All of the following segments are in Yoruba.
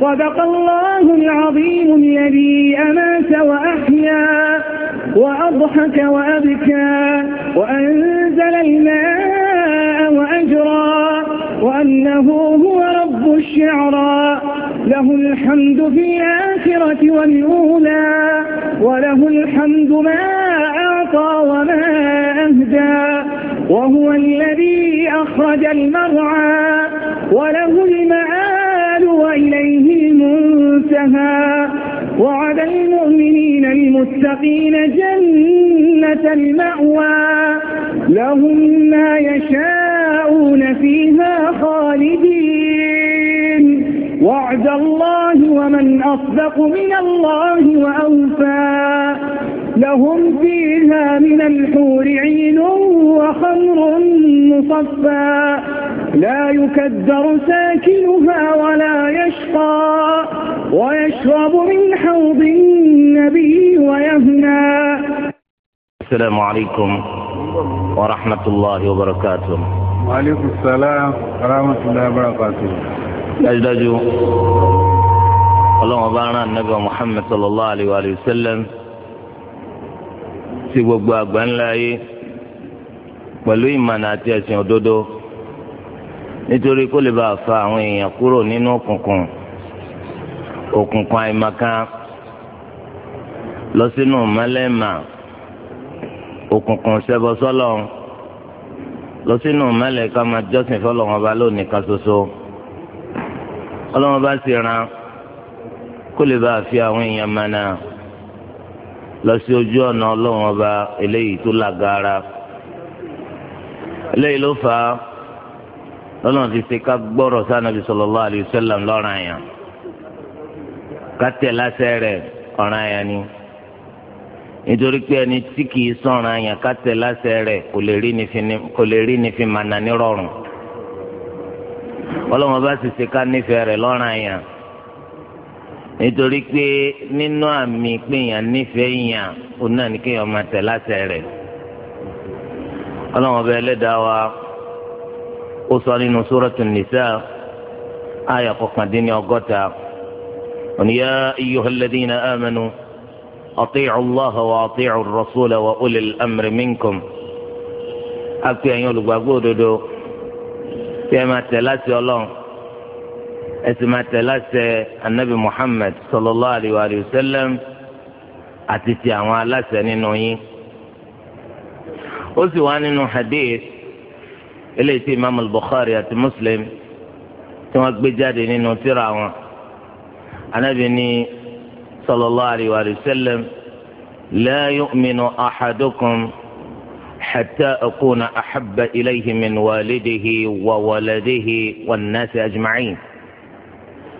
صدق الله العظيم الذي أمات وأحيا وأضحك وأبكى وأنزل الماء وأجرى وأنه هو رب الشعرى له الحمد في الآخرة والأولى وله الحمد ما أعطى وما أهدى وهو الذي أخرج المرعى وله المعنى الجبال وإليه المنتهى وعد المؤمنين المتقين جنة المأوى لهم ما يشاءون فيها خالدين وعد الله ومن أصدق من الله وأوفى لهم فيها من الحور عين وخمر مصفى لا يكدر ساكنها ولا يشقى ويشرب من حوض النبي ويهنى السلام عليكم ورحمة الله وبركاته وعليكم السلام ورحمة الله وبركاته dájúdájú اللهم ọba النبي محمد صلى الله عليه وسلم sí gbogbo àgbáńlá ayé pẹ̀lú ìmọ̀nà àti ẹ̀sìn òdodo nítorí kó lè bàa fa àwọn èèyàn kúrò nínú òkùnkùn òkùnkùn àìmọ̀kan lọ sínú mọ́lẹ́mà òkùnkùn ṣẹbọsọ́lọ́ lọ sínú mọ́lẹ̀ ká máa jọ́sìn fọlọ́wọn ọba lónìí kan ṣoṣo ọlọ́wọ́n bá sì ran kó lè bàa fi àwọn èèyàn mọ̀nà lọ sí ojú ọ̀nà ọlọ́run ọba eléyìí tó lágara eléyìí ló fà á lọ́nà ti ṣe ká gbọ́rọ̀ sí Ànábì sallallahu alayhi wa sallam lọ́ràn yẹn ká tẹ̀ láṣẹ rẹ̀ ọ̀ràn yẹn ni nítorí pé ẹni tí kìí sọ̀ràn yẹn ká tẹ̀ láṣẹ rẹ̀ kò lè rí ni fi mànà nírọ̀rùn ọlọ́run ọba sì ṣe ká nífẹ̀ẹ́ rẹ̀ lọ́ràn yẹn nítorí pé nínú àmì péyàn nífẹ̀ẹ́ yàn òun náà ní kéèyàn máa tẹ̀ láṣẹ rẹ̀ ọlọ́run ọba ẹlẹ́dàá wa ó sọ nínú sóràtù nìsá àyà kọkàndínní ọgọ́ta òní yá ayyuhal ladina amanu ati'u allaha wa ati'u rasula wa ulil amri minkum á olùgbàgbọ́ òdodo tí máa tẹ̀ láṣẹ ọlọ́run. ẹsìn máa tẹ̀ láṣẹ anabi muhammed sallallahu alayhi wa sallam àti ti àwọn aláṣẹ nínú yín ó sì wá nínú hadith eléyìí tí imaamu al-bukhari àti muslim tí wọ́n gbé jáde nínú tírà wọn anabi ni sallallahu alayhi wa sallam la yu'minu ahadukum حتى أكون أحب إليه من والده وولده والناس أجمعين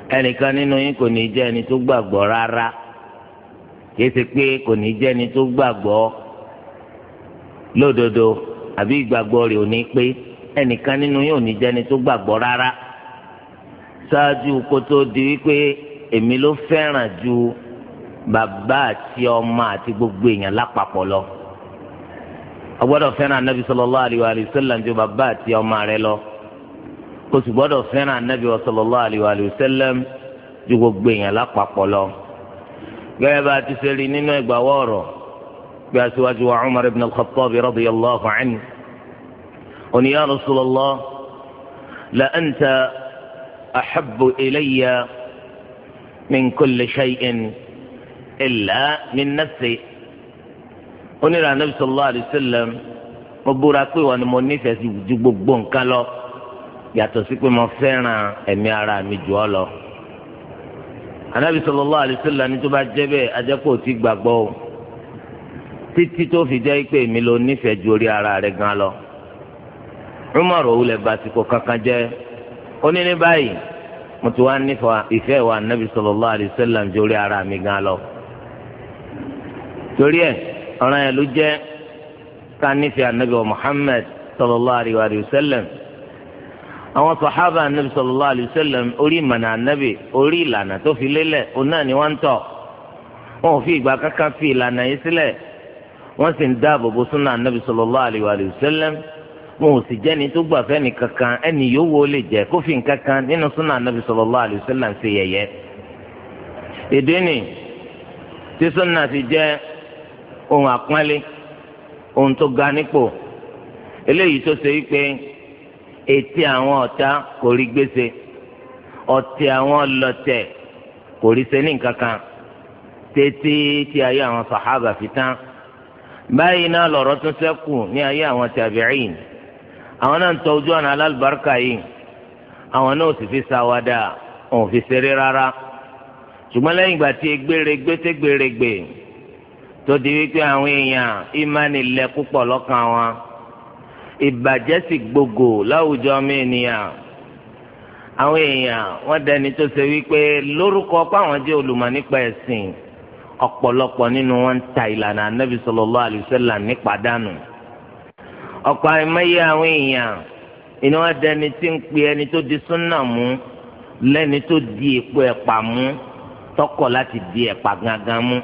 ẹnìkan nínú yín kò ní jẹ́ ẹni tó gbàgbọ́ rárá kìí ṣe pé kò ní jẹ́ ẹni tó gbàgbọ́ lódodo àbí ìgbàgbọ́ rẹ̀ ò ní pé ẹnìkan nínú yín ò ní jẹ́ ẹni tó gbàgbọ́ rárá ṣáájú kó tó di wípé èmi ló fẹ́ràn ju bàbá àti ọmọ àti gbogbo èèyàn lápapọ̀ lọ ọgbọ́dọ̀ fẹ́ràn anábì sallallahu alaihi wa sallam ju bàbá àti ọmọ rẹ lọ. kò sì gbọ́dọ̀ fẹ́ràn anabi wa sallallahu alayhi wa alayhi wa sallam ju gbogbo èèyàn lápapọ̀ lọ. gẹ́gẹ́ bá a ti sẹri nínú ìgbà wọ́ọ̀rọ̀ bí a ṣíwájú wa umar ibn al-khattab radiyallahu anhu oní ya rasulallah la anta ahabbu ilayya min kulli shay'in illa min nafsi. oníra anabi sallallahu alayhi wa sallam mo búra pé wọn ni mo nífẹ̀ẹ́ sí ju gbogbo nǹkan lọ. yàtọ̀ sí pé mo fẹ́ràn ẹ̀mí ara mi jù ọ lọ. anabi sallallahu alaihi wasallam ní tó bá jẹ́ bẹ́ẹ̀ ajẹ́kọ̀ọ́ ti gbàgbọ́ o títí tó fi jẹ́ pé èmi ló nífẹ̀ẹ́ ju orí ara rẹ̀ gan lọ. rúmọ̀rọ̀ òwúlẹ̀ basiko kankan jẹ́ ó ní ní báyìí mo ti wá nífẹ̀ẹ́ ìfẹ́ wa anabi sallallahu alaihi wasallam ju orí ara mi gan lọ. torí ẹ̀ ọ̀ràn yẹn ló jẹ́ ká nífẹ̀ẹ́ anabi wa Muhammad sallallahu alaihi wasallam àwọn sàhábà anabi sallallahu alayhi wa sallam orí ìmọ̀nà anabi orí ìlànà tó fi lélẹ̀ òun náà ni wọ́n ń tọ̀ wọn ò fi ìgbà kankan fi ìlànà yìí sílẹ̀ wọ́n sì ń dáàbò bo súnà anabi sallallahu alayhi wa sallam wọn ò sì jẹ́ni tó gbà fẹ́ni kankan ẹni yòówó lè jẹ́ kófin kankan nínú súnà anabi sallallahu alayhi wa sallam ṣe yẹ̀yẹ́ èdè ni tí súnà ti jẹ́ ohun àpọ́nlé ohun tó ga nípò eléyìí tó ṣe wípé ètè àwọn ọ̀tá kò rí gbèsè ọ̀tẹ̀ àwọn ọlọ́tẹ̀ kò rí ṣe ní nǹkan kan tètè tí ayé àwọn sàhábà fi tán báyìí náà lọ̀rọ̀ tún ṣẹ́kù ní ayé àwọn tàbíìn àwọn náà ń tọ ojú ọ̀nà alálùbáríkà yìí àwọn náà sì fi ṣàwádà òun fi ṣeré rárá ṣùgbọ́n lẹ́yìn ìgbà tí egbèrègbè tẹ́gbèrègbè tó di wípé àwọn èèyàn ìmánilẹ̀ púpọ̀ lọ́kàn wọn. ìbàjẹ́ sì gbogbo láwùjọ mẹ́niyàn àwọn èèyàn wọ́n dẹni tó ṣe wípé lórúkọ páwọn jẹ́ olùmọ̀ nípa ẹ̀sìn ọ̀pọ̀lọpọ̀ nínú wọn ń ta ìlànà anábì sọlọ nípa dànù ọ̀pọ̀ àìmọye àwọn èèyàn wọn dẹni tí ń pe ẹni tó di súnà mú lẹ́ni tó di èpo ẹ̀pà mú tọkọ̀ di ẹ̀pà gangan mú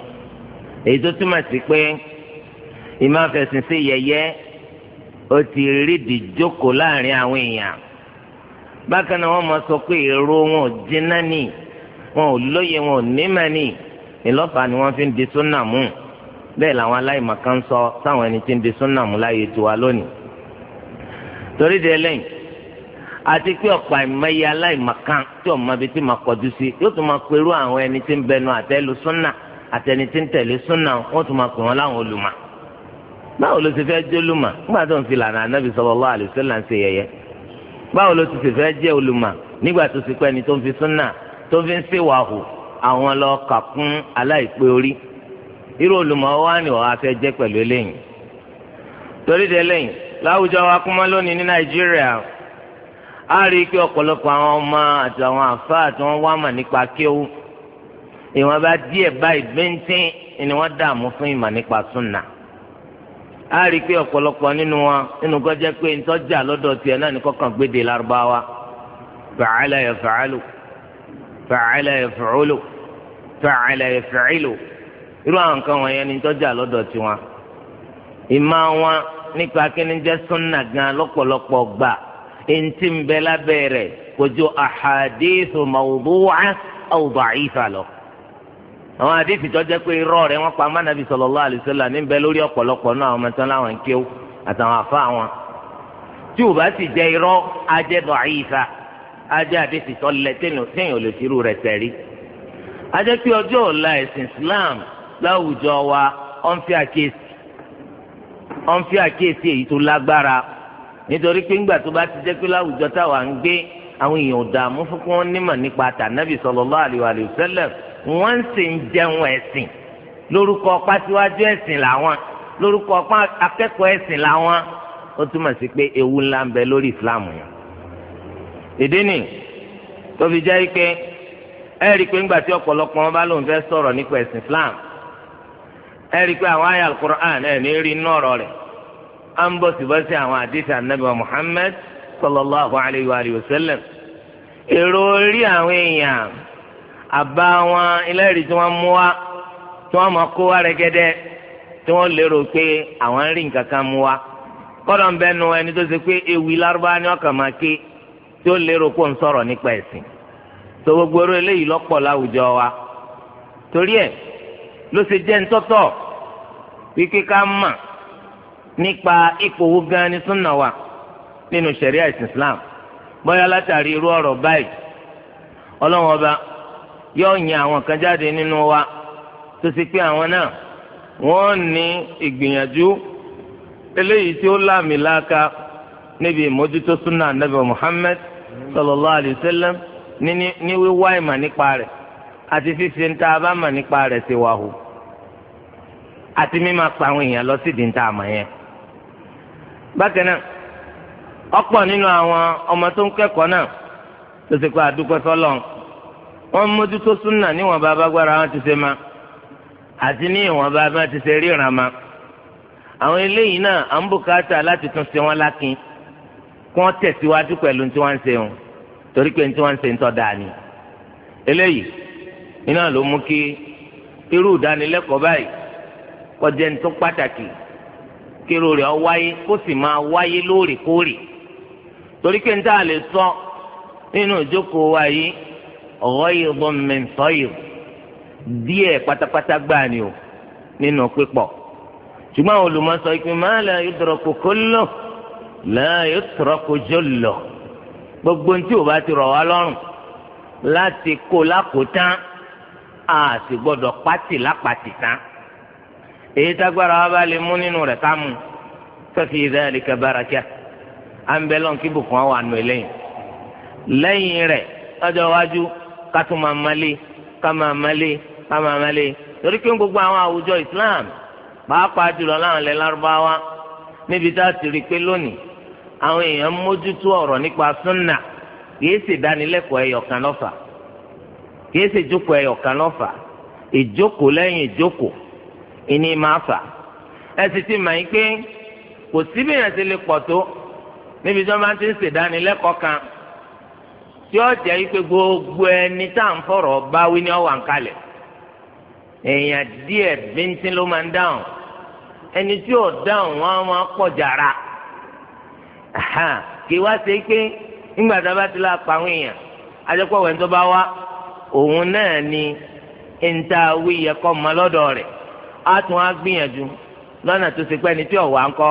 èyí tó túmọ̀ sí pé ó ti rídìí jókòó láàrin àwọn èèyàn bákan náà wọ́n máa sọ pé èrò wọn ò jiná nì wọn ò lóye wọn ò nímọ̀ nì ìlọ́fà ni wọ́n fi ń di súnà mú bẹ́ẹ̀ làwọn aláìmọ̀kan sọ sáwọn ẹni tí ń di súnà mú láàyè tiwa lónìí torí de lẹ́yìn àti pé ọ̀pọ̀ àìmọye aláìmọ̀kan tí ọ̀ma bíi ti máa kọjú sí yóò tún máa perú àwọn ẹni tí ń bẹnu àtẹ́lu súnà àtẹni tí ń tẹ̀lé súnà wọ́n tún máa pè wọ́n láwọn olùmọ̀ báwo ló ti fẹ́ jẹ́ olùmọ̀ nígbà tó ń fi lànà anábì sallallahu alaihi wasallam ṣe yẹ̀yẹ́ báwo ló ti ti fẹ́ jẹ́ olùmọ̀ nígbà tó ti pẹ́ ni tó ń fi súnà tó fi ń ṣèwà hù àwọn lọ kà kún aláìpé orí irú olùmọ̀ wa ni wàá fẹ́ jẹ́ pẹ̀lú eléyìí torí de eléyìí láwùjọ wa kúmọ́ lónìí ní nàìjíríà a rí i pé ọ̀pọ̀lọpọ̀ àwọn ọmọ àti àwọn àfáà tí wọ́n wá mà nípa kéwú ìwọ̀n bá díẹ̀ báyìí bíntín ni wọ́n dààmú fún ìmọ̀ nípa súnà a rí i pé ọ̀pọ̀lọpọ̀ nínú wa nínú kan jẹ́ pé ntọ́jà lọ́dọ̀ tiẹ̀ náà ní kọ́kàn fa'ala yaf'alu fa'ala fa'ala yaf'ilu irú àwọn nǹkan wọ̀nyẹn ní ntọ́jà lọ́dọ̀ tiwọn. ìmọ̀ wọn nípa kíni jẹ́ súnà gan lọ́pọ̀lọpọ̀ gbà ń bẹ àwọn àdìsí tó jẹ́ pé irọ́ rẹ̀ wọ́n pa mánàbí sallallahu alaihi wasallam níbẹ̀ lórí ọ̀pọ̀lọpọ̀ náà àwọn mẹ́tọ́ láwọn kéw àtàwọn afá wọn tí ò bá sì jẹ́ irọ́ ajẹ́ dọ̀ọ́yìísá ajẹ́ àdìsí tó lẹ téèyàn lè firú rẹ̀ tẹ̀rí. ajẹ́ pé ọjọ́ ọ̀la ẹ̀sìn Islam láwùjọ wa ọ̀n fi àkíyèsí ọ̀n fi àkíyèsí èyí tó lágbára nítorí pé ńgbà tó bá ti jẹ́ pé láwùjọ táwa ń gbé àwọn èèyàn ò wọ́n ń sìn jẹun ẹ̀sìn lórúkọ pàṣíwájú ẹ̀sìn làwọn lórúkọ akẹ́kọ̀ọ́ ẹ̀sìn làwọn ó túmọ̀ sí pé ewu ńlá ń bẹ lórí islam yẹn. ìdí ni tó fi jẹ́ pé ẹ rí i pé ńgbà tí ọ̀pọ̀lọpọ̀ wọn bá lóun fẹ́ sọ̀rọ̀ nípa ẹ̀sìn islam ẹ rí i pé àwọn àyà alukur'an ẹ̀ ní rí inú ọ̀rọ̀ rẹ̀ à ń bọ̀ síbọ̀sí àwọn àdìsí anabi wa muhammed sallallahu alayhi wa sallam èrò orí àwọn èèyàn àbá wọn ẹlẹ́rìí tí wọ́n mú wá tí wọ́n mọ̀ kó wá rẹ́gẹ́dẹ́ tí wọ́n lérò pé àwọn nri nkaka mú kọ́dọ̀ ń bẹnu ẹni tó ṣe pé ewì lárúbáwá ni ọkàn máa ké tí ó lérò kó ń sọ̀rọ̀ nípa ẹ̀sìn wa torí ẹ̀ ló ṣe jẹ́ ńtọ́tọ̀ wípé ká Islam látàrí irú ọ̀rọ̀ báyìí yóò yan àwọn kan jáde nínú wa tó ti pé àwọn náà wọn ní ìgbìyànjú eléyìí tí ó láàmì láaka níbi ìmójútó súnà ànábì Muhammad sallallahu alayhi sallam ní wíwá ìmọ̀ nípa rẹ̀ àti fífi ń ta nípa rẹ̀ ṣe wà hù àti pa àwọn èèyàn lọ ọmọ tó ń kẹ́kọ̀ọ́ náà tó ti wọ́n mójútó súnà níwọ̀nba abágbára wọn ti ṣe ma àti ní ìwọ̀nba bá ti ṣe ríran ma àwọn eléyìí náà à ń bùkátà láti tún ṣe wọn lákin kí wọ́n tẹ̀síwájú pẹ̀lú tí wọ́n ń ṣe wọn torí pé tí wọ́n ń ṣe ń tọ́ da ni eléyìí iná ló mú kí irú ìdánilẹ́kọ̀ọ́ báyìí kọjá ní tó pàtàkì kí irú rẹ̀ wáyé kó sì máa wáyé lóòrèkóòrè torí pé ní tá lè sọ nínú ìjókòó wa yìí ghaydun min fayd díẹ̀ pátápátá gbáà ni o nínú pípọ̀ ṣùgbọ́n àwọn olùmọ̀sọ ìpín ma la yudraku kullu la yutraku jullu gbogbo ntí o bá ti rọ̀ wá lọ́rùn láti kó lákòótán a sì gbọ́dọ̀ pátì lápàtì tán èyí tágbára wa bá lè mú nínú rẹ̀ ká mú fẹ́fì dhalika baraka à ń bẹ́ lọ́n kí bùkún wa nù eléyìí lẹ́yìn rẹ̀ lọ́jọ́ iwájú ká tún máa malé ká máa malé ká máa malé torí pé gbogbo àwọn àwùjọ Islam pàápàá jùlọ láwọn ilẹ̀ lárúbáwá níbi tá a ti rí i pé lónìí àwọn èèyàn mójútó ọ̀rọ̀ nípa súnà kìí sì dánilẹ́kọ̀ọ́ ẹyọ̀kan lọ́fà kìí sì jókòó ẹyọ̀kan lọ́fà ìjókòó lẹ́yìn ìjókòó ìní máa fà ẹ sì ti mọ̀ yín pé kò síbìyàn ti lè pọ̀ tó níbi tí wọ́n bá ti ń ṣèdánilẹ́kọ̀ọ́ kan tí ó jẹ́ wípé gbogbo ẹni tá à ń fọ̀rọ̀ báwí ni ó wà ń kalẹ̀ èèyàn díẹ̀ bíntín ló máa ń dáhùn ẹni tí ò dáhùn wọn á pọ̀ jàrá kì í wá ṣe pé nígbà tá a bá ti náà ni níta wí yẹ lọ́dọ̀ rẹ̀ á tún á gbìyànjú ẹni tí ò wá ń kọ́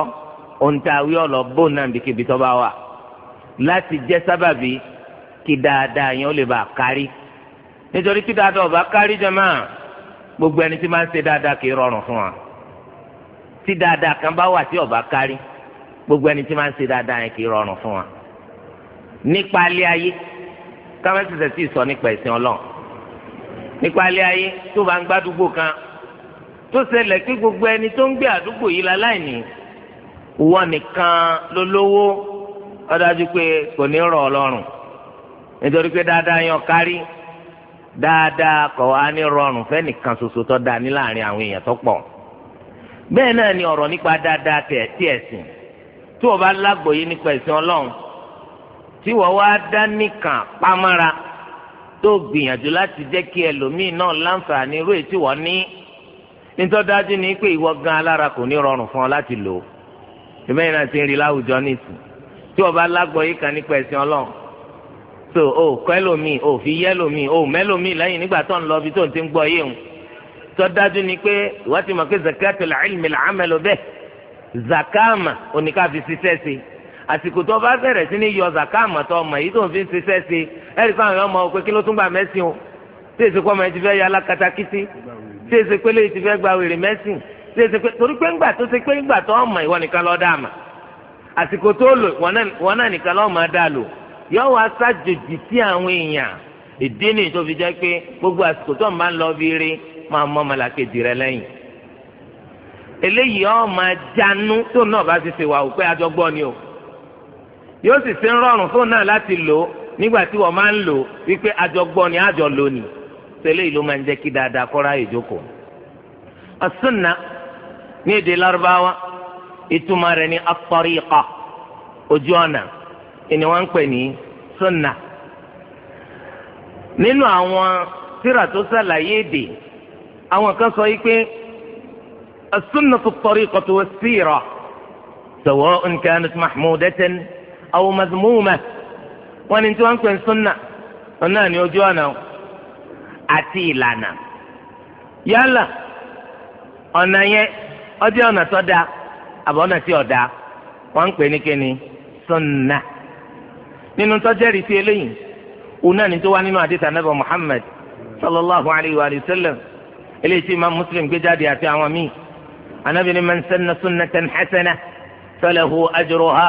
ọ̀lọ́ kí dáadáa yẹn ó lè bá a kárí nítorí kí dáadáa ọba kárí jàmáà gbogbo ẹni tí máa ń ṣe dáadáa kì í rọrùn fún wa tí dáadáa kan bá wà tí ọba kárí gbogbo ẹni tí máa ń ṣe dáadáa yẹn kì í rọrùn fún wa nípa alẹ́ ayé kámẹ́sì tẹ̀sí sọ nípa ẹ̀sìn ọlọ́run nípa alẹ́ ayé tó bá ń gbádùgbò kan tó ṣẹlẹ̀ kí gbogbo ẹni tó ń gbé àdúgbò yìí la láì ní ìwọ nìkan lólówó ó pé kò ní rọ̀ ọlọ́run nítorí pé dáadáa yan kárí dáadáa kọ̀ wá ní rọrùn fẹ́nìkan ṣoṣo tó dáa ní láàrin àwọn èèyàn tó pọ̀ bẹ́ẹ̀ náà ni ọ̀rọ̀ nípa dáadáa tẹ̀ tí ẹ̀sìn tí wọ́n bá lágbòye nípa ẹ̀sìn ọlọ́run tí wọ́n wá dá nìkan pamọ́ra tó gbìyànjú láti jẹ́ kí ẹlòmíì náà láǹfààní irú èyí tí wọ́n ní nítọ́dájú ni pé ìwọ gan alára kò ní rọrùn fún ọ láti lò ó ìbẹ́yìn náà ti ń rí láwùjọ nìsín tí wọ́n bá lágbòye kan nípa ẹ̀sìn ọlọ́run so o kọ́ ẹlòmíì o fi yẹ ẹlòmíì o mẹ́lòmíì lẹ́yìn nígbà tó ń lọ ibi tó ń ti ń gbọ́ yé wọn tó dájú ni pé ìwà ti mọ̀ pé zakatul ilmi làámẹ́lò bẹ́ẹ̀ zakama oníkàfi ṣiṣẹ́ sí àsìkò tó bá bẹ̀rẹ̀ sí ní yọ zakama tó ọmọ yìí tó ń fi ṣiṣẹ́ sí ẹ̀rí fáwọn ọmọ òpè kí ló tún gbà mẹ́sìn o tí èsì kọ́ ọmọ yìí ti fẹ́ ya alákatakítí tí èsì pé lóyè ti fẹ́ gba wèrè mẹ́sìn tí èsì pé torí pé ńgbà tó ṣe pé ńgbà tó ọmọ ìwọ nìkan lọ́ọ́ dà mà àsìkò tó lò wọn náà nìkan lọ́ọ́ máa dà lò yọ wá sájòjì sí àwọn èèyàn èdè ní tó fi jẹ́ pé gbogbo àsìkò tó ń bá ń lọ bí rí máa mọ ọmọlàkejì rẹ lẹ́yìn eléyìí ọ máa janú tó náà bá ti ṣe wà wípé àjọgbọ́ ni o yóò sì ṣe ń rọrùn fóun náà láti lò ó nígbà tí wọ́n máa ń lò wípé àjọgbọ́ ni àjọ lò ní tẹ́lẹ̀ yìí máa ń jẹ́ kí dáadáa kọ́ra ìjókòó as ní èdè lárúbáwá ìtumọ̀ rẹ̀ ní at-tariqa ojú ọ̀nà. ni wọ́n ń pè ní sunna nínú àwọn tírà tó èdè àwọn kan sọ yìí pé as-sunnatu at-tariqatu was mahmudatan aw madhmumah wọ́n ní tí wọ́n ń pè ní sunna ni ojú ọ̀nà àti ìlànà yálà ọ̀nà yẹn ọjọ́ ọ̀nà tó dáa àbọ̀ ọ̀nà tí ò dáa ń nínú tọ́jẹ́rì sí eléyìí òun náà ní tó wá nínú àdìsá nàbà muhammed sallallahu alayhi wa sallam eléyìí tí imam Muslim gbé jáde àti àwọn míì anabi ni man sanna sunnatan hasana falahu ajruha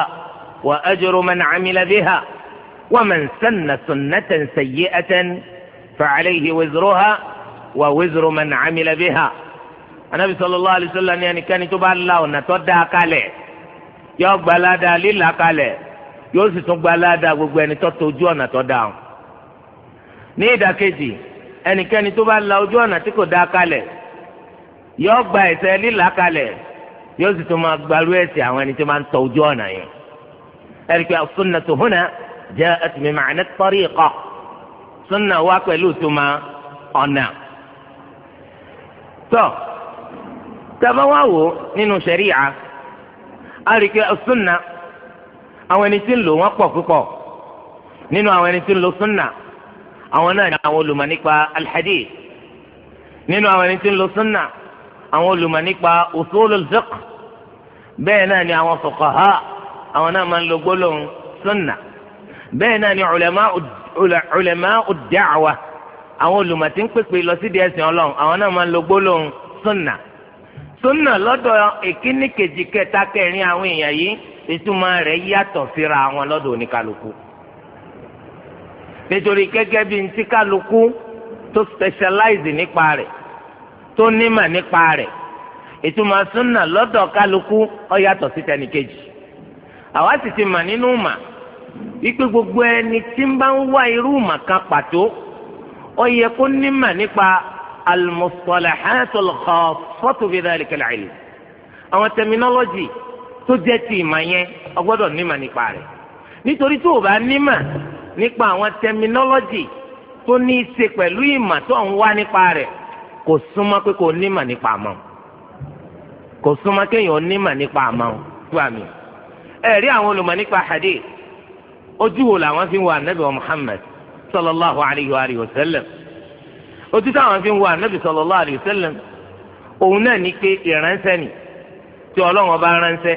wa ajru man amila biha wa man sanna sunnatan sayyi'atan fa'alayhi wizruha wa wizru man amila biha anabi sallallahu alayhi wa sallam ni ẹnikẹ́ni tó bá la ọ̀nà tó dáa kalẹ̀ yọ gbalada líla kalẹ̀. yóò sì tún gba gbogbo ẹni tó ojú ọ̀nà tó dáa ní ìdàkejì ẹnikẹ́ni tó bá la ojú ọ̀nà tí kò kalẹ̀ yóò gba ẹ̀ṣẹ̀ lílà kalẹ̀ yóò sì tún máa gbarú ẹ̀ṣẹ̀ àwọn ẹni tó máa ń tọ ojú ọ̀nà yẹn ẹ̀rí pé sunna wá pẹ̀lú tó máa ọ̀nà tọ́ wá wò nínú àwọn ẹni tí ń lò wọ́n pọ̀ púpọ̀ nínú àwọn ẹni tí ń lo súnà àwọn náà ni àwọn olùmọ̀ nípa alhadith nínú àwọn ẹni tí ń lo súnà àwọn olùmọ̀ nípa usulul fiqh bẹ́ẹ̀ náà ni àwọn fuqaha àwọn náà máa ń lo gbólóhùn súnà bẹ́ẹ̀ náà ni ulama'u ad-da'wa àwọn olùmọ̀ tí ń pèpè lọ sí díẹ̀ sìn ọlọ́run àwọn náà máa ń lo gbólóhùn súnà súnà lọ́dọ̀ ìkíní kẹta kẹrin àwọn èèyàn yìí ìtumọ̀ rẹ̀ yàtọ̀ síra wọn lọ́dọ̀ oníkálukú nítorí gẹ́gẹ́ bí ntí kálukú tó specialize nípa rẹ̀ tó nímọ̀ nípa rẹ̀ ìtumọ̀ súnà lọ́dọ̀ kálukú ó yàtọ̀ sí tẹnìkejì àwa sì ti mà nínú mà wípé gbogbo ẹni tí ń bá ń wá irú mà kan pàtó ó yẹ kó nímọ̀ nípa al-mustalahat al-khassah àwọn terminology. tó jẹ́ ti ìmọ̀ yẹn o gbọ́dọ̀ nímọ̀ nípa rẹ̀ nítorí tó o bá nímọ̀ nípa àwọn tẹminọ́lọ́jì tó ní í ṣe pẹ̀lú ìmọ̀ tó ń wá nípa rẹ̀ kò súnmọ́ pé kò nímọ̀ nípa àmọ́ kò súnmọ́ kéèyàn nímọ̀ nípa àmọ́ tó àmì àwọn olùmọ̀ nípa ojú wo làwọn fi ń wo anabi wa sallallahu alayhi wa sallam ojú táwọn fi ń wo anabi sallallahu alayhi wa sallam òun náà ní pé ìránṣẹ́ ni tí ọlọ́run ọba ránṣẹ́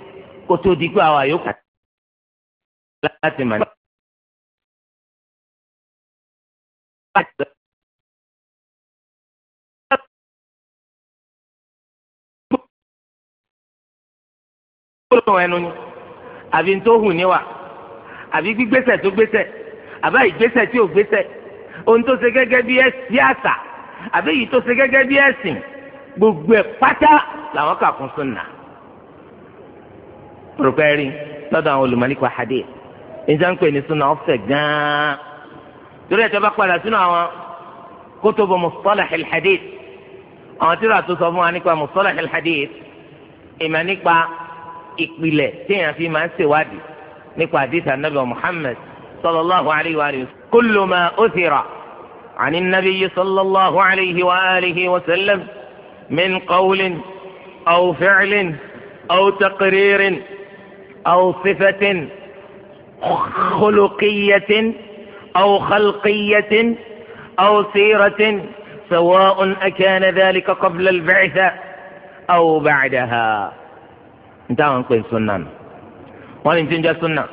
kó tó di pé àwa yòókù láti mà ní. gbólóhùn ẹnu ni àbí tó hù níwà àbí gbígbésẹ̀ tó gbésẹ̀ àbá ìgbésẹ̀ tí ò gbésẹ̀ ohun tó ṣe gẹ́gẹ́ bí ẹsì àṣà àbí èyí tó ṣe gẹ́gẹ́ bí ẹ̀sìn gbogbo ẹ̀ pátá làwọn kà kún sùn náà. rògbẹ́rì lọ́dọ̀ àwọn olùmọ̀nípa hadith níta ń pè ní sunna ọ̀fẹ́ gan-an torí ẹ̀tọ́ bá padà sínú àwọn kutubu mustalah al-hadith àwọn tí tíra tó sọ fún wa nípa mustalah al-hadith ìmọ̀ nípa ìpìlẹ̀ téèyàn fi máa ń ṣèwádìí nípa hadith anabi muhammed sallallahu alayhi wa sallam kullu àní uthira عن sallallahu alayhi wa alayhi wa sallam من قول أو فعل أو تقرير او صفه خلقيه او خلقيه او سيره سواء اكان ذلك قبل البعثه او بعدها انتهى عن قول سنة وان انتهى سنة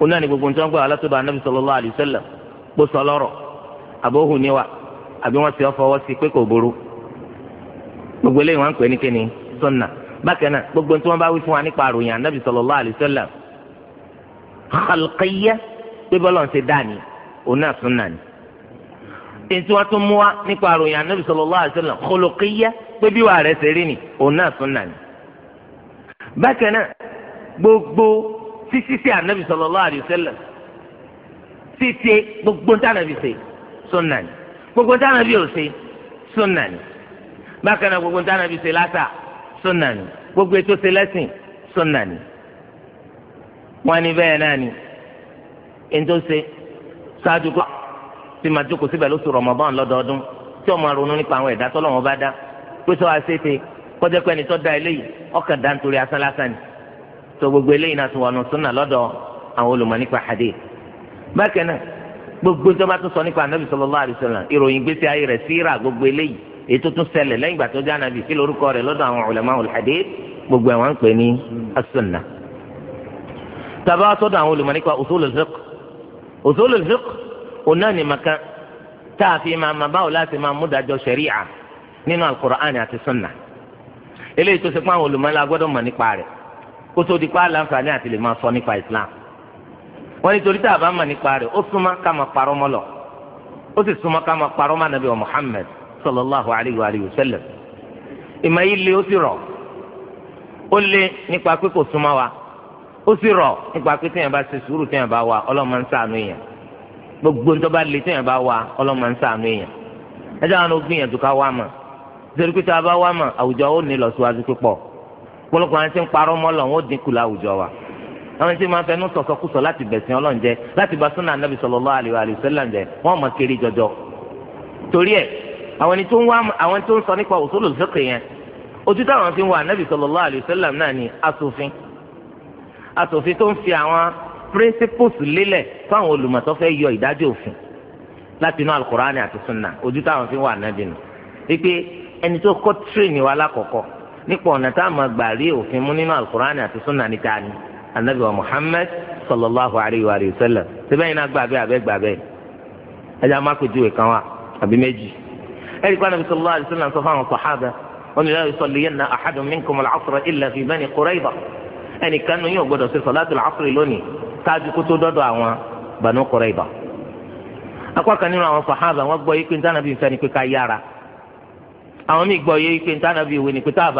قلنا نبي كنت نقول على سبع النبي صلى الله عليه وسلم بصلاة أبوه نوى أبوه سيوفا وسيكوك وبرو نقول لهم عن قول سنان bákan náà gbogbo tí wọ́n bá wí fún wa nípa àròyìn anábì sallallahu alaihi wasallam khalqiyya pé bọ́lọ̀ ń ṣe dá ni òun náà sunna ni ètò wọn tún mú wa nípa àròyìn anábì sallallahu alaihi wasallam khuluqiyya pé bí wà rẹ̀ ṣe rí ni òun náà sunna ni bákan náà gbogbo títí sí anábì sallallahu alaihi títí gbogbo ń tànàbì ṣe sunna ni gbogbo ń tànàbì ò ṣe sunna ni bákan náà gbogbo ń tànàbì ṣe lásà sunna ni gbogbo eto ṣe lẹ́sìn sunna ni wọ́n ní bẹ́ẹ̀ náà ni èyí tó ṣe ṣáájú kó ti máa jókòó síbẹ̀ lóṣù Ramadan lọ́dọọdún tí ọmọ ronú nípa àwọn ẹ̀dá tọ́lọ́wọ́n bá dá pé sọ wá ṣe pé da eléyìí ọkàn dá nítorí asán ni tó gbogbo eléyìí náà tún wọnú lọ́dọ̀ àwọn olùmọ̀ nípa náà gbogbo tún sọ nípa anabi ìròyìn gbèsè ayé rẹ̀ síra gbogbo ètò tún ṣẹlẹ̀ lẹ́yìn ìgbà tó jẹ́ ànábì kí lorúkọ rẹ̀ lọ́dọ̀ àwọn ulama al-hadith gbogbo ẹ̀ wọ́n ń pè ní as-sunnah. tàbá sọ́dọ̀ àwọn olùmọ̀ nípa usul al-fiqh usul al-fiqh òun náà ní màkàn tá a fi máa máa báwo láti máa mú dájọ́ ṣẹ̀ríà nínú al-Qur'an àti sunnah. eléyìí tó ṣe pé àwọn olùmọ̀ la mọ̀ nípa rẹ̀ kó tó di pa sallallahu alayhi wa sallam ìmọ̀ yìí le ó sì rọ̀ ó lé nípa pé kò súnmọ́ wa ó sì rọ̀ nípa pé téèyàn bá ṣe sùúrù téèyàn bá wa ọlọ́mọ ń ṣàánú èèyàn gbogbo ń tọ́ba lé téèyàn bá wa ọlọ́mọ ń ṣàánú èèyàn ẹjọ́ àwọn ògbìyànjú ká wá mọ̀ nítorí pé tá a bá wá mọ̀ àwùjọ ó ní lọ síwájú pípọ̀ pọ̀lọpọ̀ àwọn tí ń parọ́ mọ́ lọ wọn ó dínkù láwùjọ wa àwọn tí máa fẹnu sọ̀sọ̀kùsọ̀ láti bẹ̀sìn ọlọ́run jẹ láti bá súnà anábì sallallahu alaihi wa sallam jẹ wọ́n mọ̀ kiri jọjọ torí ẹ̀ àwọn ẹni tó ń wá àwọn tó ń sọ nípa usulul fiqh yẹn ojú táwọn fi ń wá anabi sallallahu alayhi wa sallam náà ni asòfin asòfin tó ń fi àwọn principles lélẹ̀ fáwọn olùmọ̀tọ́ fẹ́ yọ ìdájọ́ òfin láti inú alukur'ani àti sunna ojú táwọn fi ń wá anabi nù wípé ẹni tó kọ́ tírèèni wa lákọ̀ọ́kọ́ nípa ọ̀nà tá a máa gbà rí òfin mú nínú alukur'ani àti sunna níta ni anabi wa muhammad sallallahu alayhi wa sallam síbẹ̀ yìí náà gbàgbé àbẹ́ gbàgbé ẹ̀jẹ̀ á ẹ̀rí kan nàbí sallallahu alaihi wasallam sọ fáwọn sàhábà wọn ni la yusalliyanna ahadun minkum al-asra illa fi bani Qurayza ẹnìkan nínú yóò gbọdọ̀ ṣe sọ̀látù al-asri lónìí káàdì kótó dọ́dọ̀ àwọn banu Qurayza. akọ́ kan nínú àwọn sàhábà wọn gbọ́ yípe ntánàbí fẹ́ ni pé ká yára àwọn míì gbọ́ yípe ntánàbí ìwé ni pé tá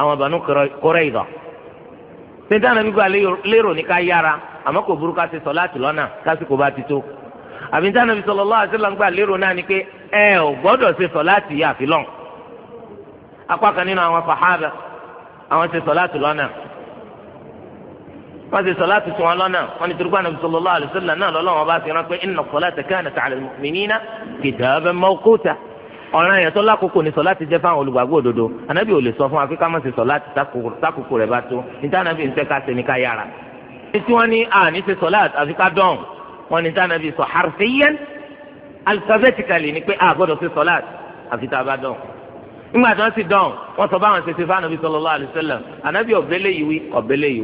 àwọn Banu Qurayza tẹ́tẹ́ àná gbígbà lérò ní ká yára àmọ́ kò burú ká ti sọ láti lọ́nà kásìkò bá ti tó àbí tẹ́tẹ́ ànábi sallallahu alaihi wasallam gbà lérò náà ni pé ẹ ò gbọ́dọ̀ ṣe sọ láti yá àfi lọ́n apá kan nínú àwọn sàhábà àwọn ṣe sọ láti lọ́nà wọ́n ṣe sọ láti tún wọn lọ́nà wọ́n ní turukú ànábi sallallahu alaihi wasallam náà lọ́lọ́wọ́n bá ti rán pé inna salata kanat ala al-mu'minina kitaban mawquta ọ̀ràn yẹn tó lákòókò ni sọláàtì jẹ́ fáwọn olùgbàgbọ́ òdodo ànábì ò lè sọ fún wa pé ká má ṣe sọláàtì tákòókò rẹ̀ bá tó níta ànábì ń fẹ́ ká ṣe ní ká yára. ní tí wọ́n ní à ní ṣe sọláàtì àfi ká dán wọn níta ànábì sọ harfiyan alifabẹtikali ni pé a gbọ́dọ̀ ṣe sọláàtì àfi tá a bá dán. nígbà tí wọ́n ti dán wọ́n sọ báwọn ṣe ṣe fáwọn ànábì sallallahu alaihi wasallam ọ̀bẹ́lẹ̀ yìí ọ̀bẹ́lẹ̀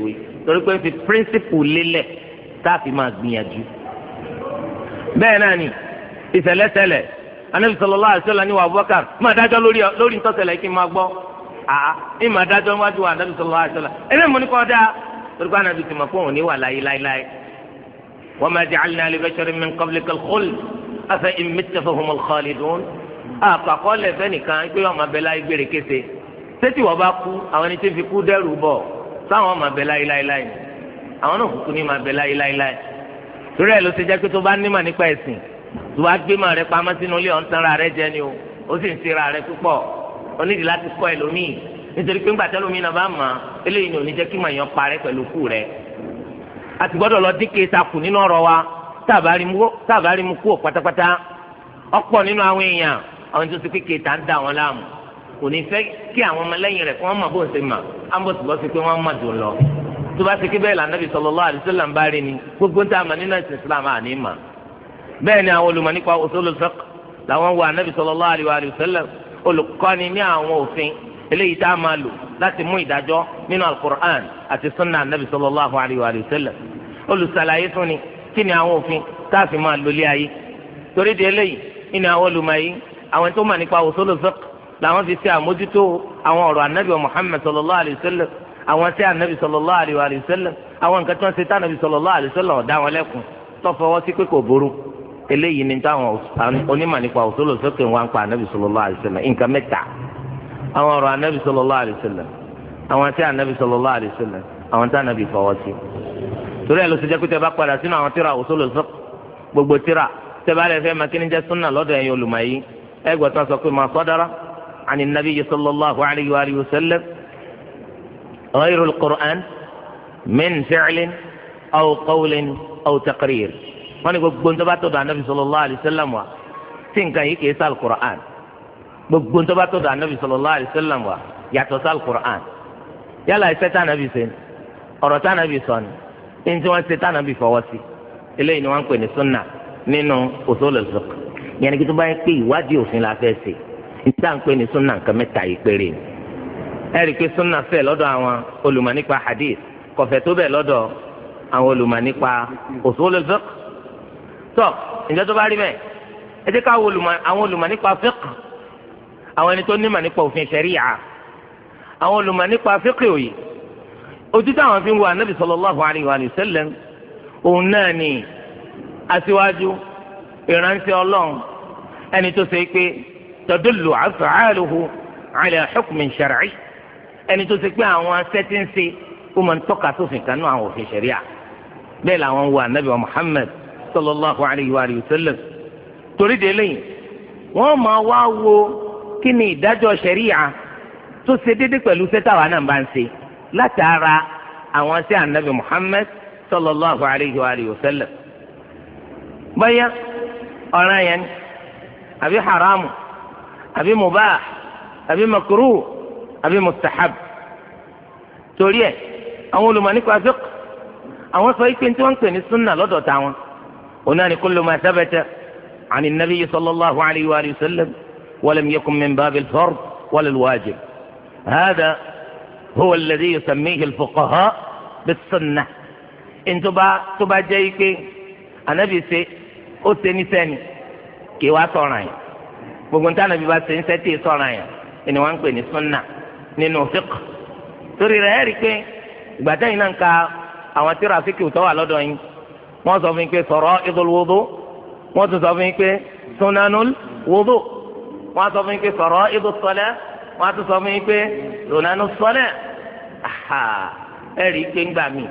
anabi sallallahu alaihi wasallam ní wa abubakar má dájọ́ lórí lórí ntọ́sẹ̀lẹ̀ kí n máa gbọ́ àá ní má dájọ́ wájú wa anabi sallallahu alaihi wasallam ẹni mo ní kọ́ da torí pé anabi ti fún òun wà láyé láyé wa ma ja'alna li basharin min qablikal khuld afa in mitta fahumul khalidun àpapọ̀ lẹ́fẹ́ nìkan pé wọ́n máa bẹ láyé gbére kése sẹ́tì wọ́n bá kú àwọn ẹni tí fi kú tó bá gbé màá rẹ pamọ́ sínú ilé ọ̀hún tanra rẹ jẹ ni o ó sì ń sera rẹ púpọ̀ ó nídìí láti kọ́ ẹlòmíì nítorí pé ńgbà tẹ́lómi náà bá mọ̀ eléyìí ni ò ní jẹ́ kí màá yan parẹ́ pẹ̀lú kù rẹ àti gbọ́dọ̀ lọ díkè takù nínú ọ̀rọ̀ wa táàbárí mu kú ò pátápátá ọ̀pọ̀ nínú àwọn èèyàn àwọn tó ti kéke tá ń da wọn láàmú kò ní fẹ́ kí àwọn ọmọlẹ́yìn rẹ̀ kí wọ́n mọ̀ bó ń ṣe mà á ń bọ̀ tó bọ́ sí pé wọ́n mọ̀ dùn lọ tó bá ti kí bẹ́ẹ̀ l'Ànábì sallallahu alaihi bẹ́ẹ̀ ni àwọn olùmọ̀ nípa usulul fiqh làwọn wo anabi sallallahu alaihi wa sallam olùkọ́ni ní àwọn òfin eléyìí tá a máa lò láti mú ìdájọ́ nínú alukur'an àti sunna anabi sallallahu alaihi wa sallam olùsàlàyé tún ni kí ni àwọn òfin tá a fi máa lò lé ayé torí di eléyìí nínú àwọn olùmọ̀ yìí àwọn tó mọ̀ nípa usulul fiqh làwọn fi ṣe àmójútó àwọn ọ̀rọ̀ anabi muhammad sallallahu alaihi wa sallam àwọn eléyìí ni táwọn onímọ̀ nípa òṣòlò sókè wọn pa anabi sallallahu alaihi wasallam nǹkan mẹ́ta àwọn ọ̀rọ̀ anabi sallallahu alaihi wasallam àwọn tí anabi sallallahu alaihi wasallam àwọn tí anabi fọwọ́ sí. torí ẹ̀ ló ti jẹ́ pé tẹ́ bá padà ba àwọn tíra òṣòlò sọ gbogbo tíra tẹ́ bá lè fẹ́ máa kíni jẹ́ súnà lọ́dọ̀ ẹ̀yin olùmọ̀ yìí ẹ gbọ́ sọ pé ma sadara ani nabi sallallahu alaihi wa sallam wọ́n ní gbogbo ń tọ́ba tọ̀dọ̀ anabi sallallahu alaihi wasallam wa tí nǹkan yìí kìí sàl qur'an gbogbo ń tọ́ba tọ̀dọ̀ anabi sallallahu alaihi wasallam wa yàtọ̀ sàl qur'an yálà iṣẹ́ tá anabi ṣe ni ọ̀rọ̀ tá anabi sọ ni ní tí wọ́n ṣe tá anabi fọwọ́ sí eléyìí ni wọ́n ń pè ní sunna nínú usul al-fiqh yẹn kí tó bá yẹ pé ìwádìí òfin la fẹ́ ṣe níta ń pè ní tọ́ ǹjẹ́ tó bá rí bẹ́ẹ̀ ẹ jẹ́ ká àwọn olùmọ̀ nípa fiqh àwọn ẹni tó nímọ̀ nípa òfin ṣẹ̀ríyà àwọn olùmọ̀ nípa fiqh òye ojú táwọn fi ń wo anabi sallallahu alayhi wa sallam òun náà ni aṣíwájú ìránṣẹ́ ọlọ́run ẹni tó ṣe pé tadullu af'aluhu ala hukmin shar'i ẹni tó ṣe pé àwọn asẹ́tí ó máa ń tọ́ka sófin kanú àwọn òfin ṣẹ̀ríyà bẹ́ẹ̀ làwọn wo anabi wa Muhammad sallallahu alayhi wa sallam torí de lẹ́yìn wọ́n máa wá wo kí ni ìdájọ́ ṣẹ̀ríyà tó ṣe déédé pẹ̀lú sẹ́tàwá náà bá ń ṣe látara àwọn sí ànábì Muhammad sallallahu alayhi wa sallam báyà ọ̀ràn yẹn ni àbí haramu àbí mubah àbí makruh àbí mustahab torí ẹ̀ àwọn olùmọ̀ nípa fiqh àwọn sọ ike tí wọ́n ń pè ní sunna lọ́dọ̀ táwọn هنان كل ما ثبت عن النبي صلى الله عليه وآله وسلم ولم يكن من باب الفرض ولا الواجب هذا هو الذي يسميه الفقهاء بالسنة إن تبا تبا جايك أنا بيسي أسيني ثاني كي واتوناي وقلت أنا بيباسي ستي صناي إن وانكويني سنة ننو فقه تري رأيك باتاين أنك أواتي رافيك وتوالو دوين wọ́n sọ fún yín pé sara'idul wudu wọ́n tún sọ fún yín pé sunanul wudu wọ́n sọ fún yín pé sara'idus salat wọ́n tún sọ fún yín pé sunanus salat ẹ̀rí pé ńgbà mí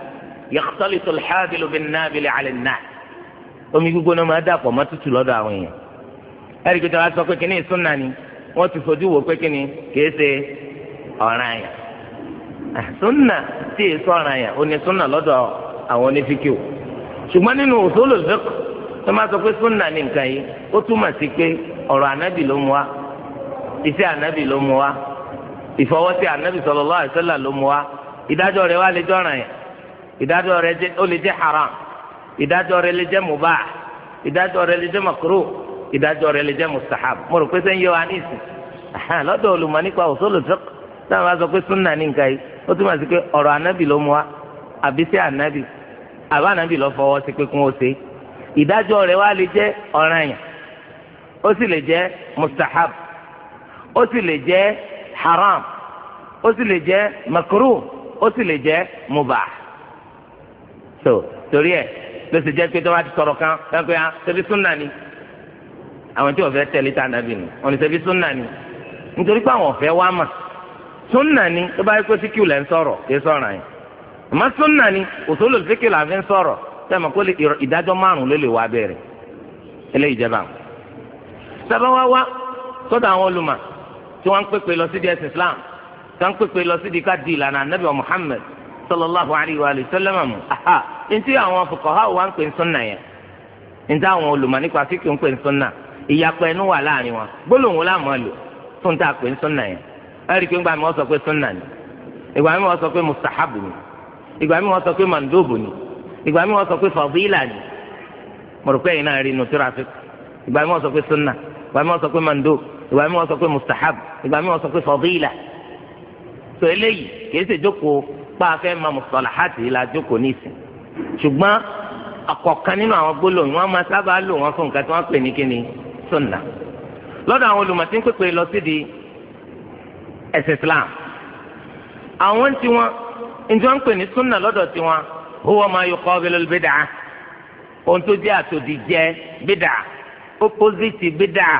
yakhtalitul hadilu bin nabili ala an-nas omi gbígbóná máa dàpọ̀ mọ́ tútù lọ́dọ̀ àwọn èèyàn ẹ̀rí pé tọ́wá sọ pé kíní sunna ni wọ́n ti fojú wò pé kíní kìí ṣe ọ̀ràn yẹn ah, sunna tí ì ṣùgbọ́n nínú òṣòlò fiqh tó máa sọ pé súnà ní nǹkan yìí ó túmọ̀ sí pé ọ̀rọ̀ ànábì ló mú wa iṣẹ́ ànábì ló mú wa ìfọwọ́sí ànábì sallallahu alaihi wasallam ló mú wa ìdájọ́ rẹ̀ wá lè jọ́ràn yẹn ìdájọ́ rẹ̀ ó lè jẹ́ haram ìdájọ́ rẹ̀ lè jẹ́ mubah ìdájọ́ rẹ̀ lè jẹ́ makruh ìdájọ́ rẹ̀ lè jẹ́ mustahab mo rò pé sẹ́yìn yóò wá ní ìsìn lọ́dọ̀ olùmọ̀ nípa usul fiqh àbánabi lọ fọwọ́ sí pé kún ó ṣe ìdájọ́ rẹ̀ wá lè jẹ́ ọ̀ranyàn ó sì lè jẹ́ mustahab ó sì lè jẹ́ haram ó sì lè jẹ́ makruh ó sì lè jẹ́ mubah so torí ẹ̀ ló sì jẹ́ pé tó bá ti sọ̀rọ̀ kan lọ́kọ̀ ya ṣebí súnà ni àwọn tí wọ́n fẹ́ tẹ̀lé tá ànábì ni wọ́n ní ṣebí súnà ni nítorí pé àwọn ọ̀fẹ́ wá mà súnà ni tó bá yẹ kó síkìú lẹ́ ń sọ̀rọ̀ kí sọ̀rọ̀ yẹn ma súnà ni òṣòlò fíkì là fi ń sọ̀rọ̀ sẹ́mi kó lè ìdájọ́ márùn ló lè wá bẹ̀rẹ̀ eléyìí jẹba àwọn. sábà wa wá àwọn olùmọ̀ tí ń pèpè lọ Islam tí wọ́n ń pèpè lọ si ká di ìlànà anabi Muhammad sallallahu alayhi wa sallam mu aha ntí àwọn ha wa ń pè ń súnà yẹn ntí àwọn olùmọ̀ nípa fíkì ń pè wà láàrin gbólóhùn lò fún tá a pè sọ pé ni ìgbà sọ pé ìgbà mi wọ́n sọ pé mandobo ni ìgbà mi wọ́n sọ pé fadila ni mo rò pé ẹ̀yin náà rí inú tíráfík ìgbà mi wọ́n sọ pé sunna ìgbà mi wọ́n sọ pé mando ìgbà mi wọ́n sọ pé mustahab ìgbà mi wọ́n sọ pé fadila tó eléyìí kìí ṣe jókòó pa afẹ́ ma mustalahati la jókòó ní ìsìn ṣùgbọ́n ọ̀kọ̀ọ̀kan nínú àwọn gbólóhùn wọn máa sábà lò wọn fún nǹkan tí wọ́n pè ní kíni sunna lọ́dọ̀ àwọn olùmọ̀tí ń pèpè lọ sídìí ẹ̀sìn Islam àwọn tí wọ́n njẹ́ wọ́n ń pè ní súnà lọ́dọ̀ tiwọn huwa ma yuqabilu al-bid'ah ohun tó jẹ́ àtòdì jẹ́ bid'ah opposite bid'ah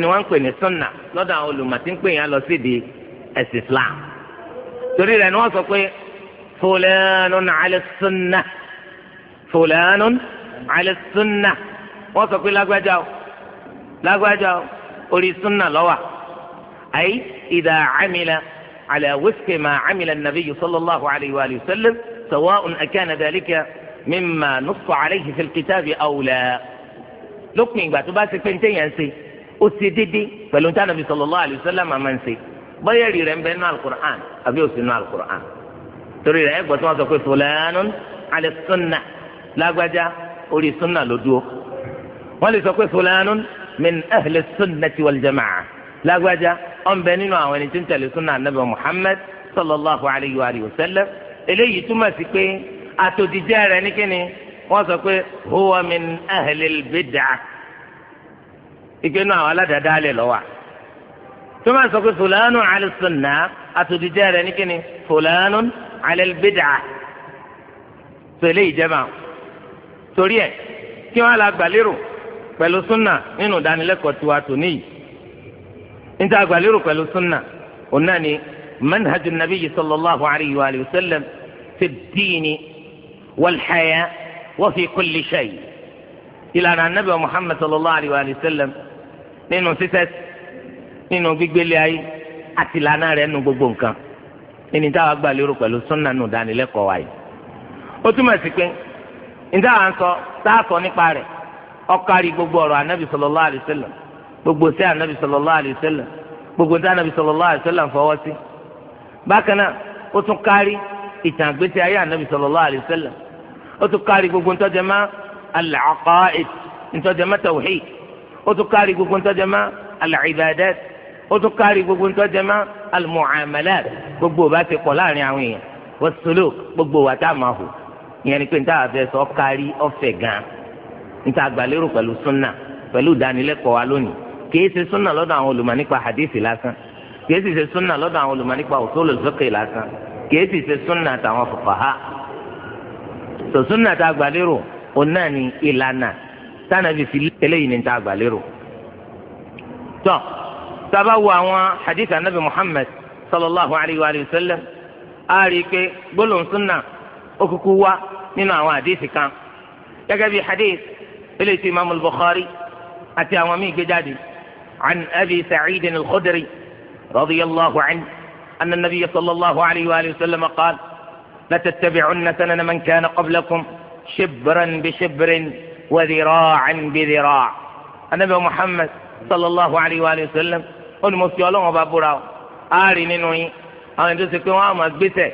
ni wọ́n ń pè ní súnà lọ́dọ̀ àwọn olùmọ̀tí ń pè yẹn lọ sí di ẹ̀sìn Islam torí rẹ̀ ni wọ́n sọ pé fulanun ala sunnah fulanun ala sunnah wọ́n sọ pé lágbájá o lágbájá o orí súnà ló wà àyí idha على وفق ما عمل النبي صلى الله عليه وآله وسلم سواء أكان ذلك مما نص عليه في الكتاب أو لا لقمي باتو باسك فنتين ينسي أسيددي فلنتا النبي صلى الله عليه وسلم منسي بيري رم بين القرآن أبي أسنى القرآن تري رأيك بسما تقول فلان على السنة لا قجا أولي السنة لدوك وليس تقول فلان من أهل السنة والجماعة لا قجا ọ̀nbẹ nínú àwọn ẹni tí ń tẹ̀lé súnà anábì Muhammad sallallahu alayhi wa sallam eléyìí túmọ̀ sí pé àtòdìjẹ́ rẹ̀ ní kíni wọ́n sọ pé huwa min ahlil bid'ah ìgbé náà àwọn aládàáda alẹ́ lọ́wọ́ tó máa sọ pé fulanu ala sunna rẹ̀ ní kíni fulanu ala bid'ah tó eléyìí jẹ́ torí ẹ̀ kí wọ́n la gbàlérò pẹ̀lú súnà nínú ìdánilẹ́kọ̀ọ́ tiwa tòní yìí níta àgbàlérò pẹ̀lú súnà òun náà ni manhajul nabiyyi sallallahu alayhi wa sallam fi diini walxaya wa fi kulli shay ìlànà anabi wa muhammad sallallahu alayhi wa sallam nínú sísẹs nínú gbígbélé ayé àti ìlànà rẹ̀ nínú gbogbo nǹkan ẹni táwa àgbàlérò pẹ̀lú súnà nù dánilẹ́kọ̀ọ́ wa yìí ó túmọ̀ sí pé níta à ń sọ tá a sọ nípa rẹ̀ ó kárí gbogbo ọ̀rọ̀ anabi sallallahu alayhi wa sallam gbogbo sí anabi sallallahu alayhi wa sallam gbogbo sí anabi sallallahu alayhi wa sallam fọwọ́ sí bákan náà ó tún kárí ìtàn àgbésí ayé anabi sallallahu alayhi wa sallam ó tún kárí gbogbo ntọ́jàmá al-aqaid ntọ́jàmá tawhid ó tún kárí gbogbo ntọ́jàmá al-ibadat ó tún kárí gbogbo ntọ́jàmá al-muamalat gbogbo bá ti pọ̀ láàrin àwọn èèyàn was sọ pẹ̀lú ìdánilẹ́kọ̀ọ́ wa lónìí kìí ṣe súnà lọ́dọ̀ àwọn olùmọ̀ nípa hadithi lásán kìí sì ṣe súnà lọ́dọ̀ àwọn olùmọ̀ nípa òṣòlò zókè lásán kìí sì ṣe súnà tàwọn fuqaha tó súnà tá a gbà lérò òun náà ni ìlànà tánàbì fi eléyìí ni tá a gbà lérò. tó sábà wo àwọn hadith anabi muhammad sallallahu alayhi wa sallam a rí i pé gbólóhùn súnà ó wá nínú àwọn hadithi kan gẹ́gẹ́ bí hadith eléyìí tí imaamu bukhari àti àwọn míì gbé jáde. عن أبي سعيد الخدري رضي الله عنه أن النبي صلى الله عليه وآله وسلم قال لتتبعن سنن من كان قبلكم شبرا بشبر وذراعا بذراع النبي محمد صلى الله عليه وآله وسلم قل مسيولون وبابورا آري ننوي àwọn ẹni tó ṣe pé wọn àwọn gbèsè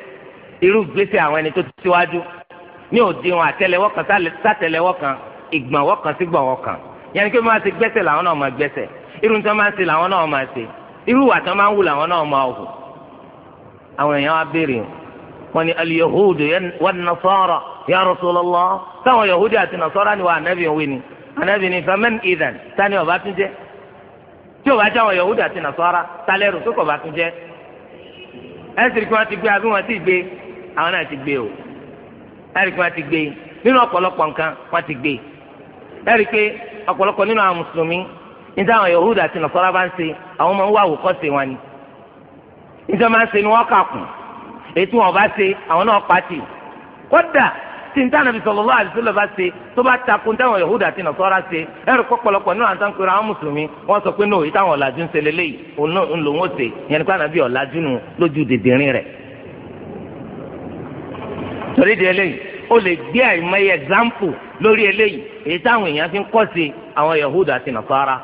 irú gbèsè àwọn ẹni tó tiwájú ní òdiwọn àtẹ́lẹwọ́ kan sátẹ́lẹwọ́ kan ìgbọ̀nwọ́ kan sí gbọ̀nwọ́ kan yẹn ni pé wọn ti gbèsè làwọn náà máa gbèsè irun tí wọ́n máa ń ṣe làwọn náà máa ṣe irú ìwà tí wọ́n máa ń wù làwọn náà máa àwọn èèyàn wa béèrè aliyahudu ya Rasulullah táwọn yahudi àti nasara ni wà ànábì òwe ni ànábì ni idan tani ọba tún jẹ tí ọba jẹ àwọn yahudi àti nasara talẹrù tó tún jẹ ẹsìrì kí ti gbé àbí wọ́n ti gbé àwọn náà ti gbé o ẹsìrì kí ti gbé nínú ọ̀pọ̀lọpọ̀ nǹkan ti gbé ẹsìrì nínú níta àwọn Yahuda àti nàkọ́rọ́ bá ń ṣe àwọn máa ń wá àwòkọ́ṣe wọn ni níta máa ń ṣe ni wọ́n kà kù ètò wọn bá ṣe àwọn náà pàtì kódà tí níta nàbì sallallahu alaihi wasallam bá ṣe tó bá takò níta àwọn Yahuda àti nàkọ́rọ́ ṣe ẹ̀rù pọ̀pọ̀lọpọ̀ nínú àti àǹkóró àwọn mùsùlùmí wọ́n sọ pé náà ìtàwọn ọ̀làjú ń ṣe lélẹ́yìí òun lòun ó ṣe yẹn nípa nàbì lè gbé àìmọye example lórí eléyìí èyí táwọn èèyàn fi ń kọ́ sí àwọn Yahuda àti Nasara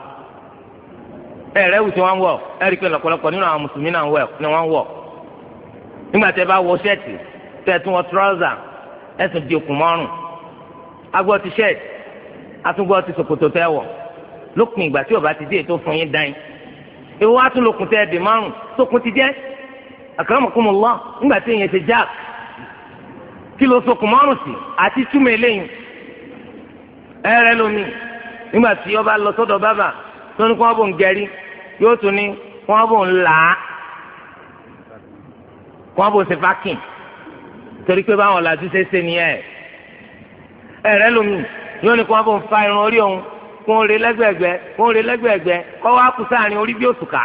ẹ̀rẹ́ wù tí wọ́n ń wọ̀ pé nínú àwọn mùsùlùmí náà ni wọ́n ń nígbà bá wọ di okùn mọ́rùn agbọ́ ti ṣẹ́ẹ̀tì atúgbọ́ ti ṣòkòtò tẹ́ wọ̀ lópin ìgbà tí ti dé fún yín dáin ewu atúlòkùn tẹ́ dè márùn tókun ti jẹ́ àkàràmọ̀kùnmọ̀lá nígbà tí ìyẹn ti jáàk kí ló sokùn márùn sí àti eléyìí nígbà tí lọ lónìí kí wọ́n bò ń gẹrí yóò tún ní kí wọ́n bò ń là á kí wọ́n bò ṣe fákìn torí pé báwọn làjú ṣe ṣe nìyẹn ẹ̀rẹ́ lomi yóò ní kí wọ́n bò ń fa irun orí òun kó ń re lẹ́gbẹ̀ẹ́gbẹ́ kó ń re lẹ́gbẹ̀ẹ́gbẹ́ kó wá kú sáàrin orí bí òṣùkà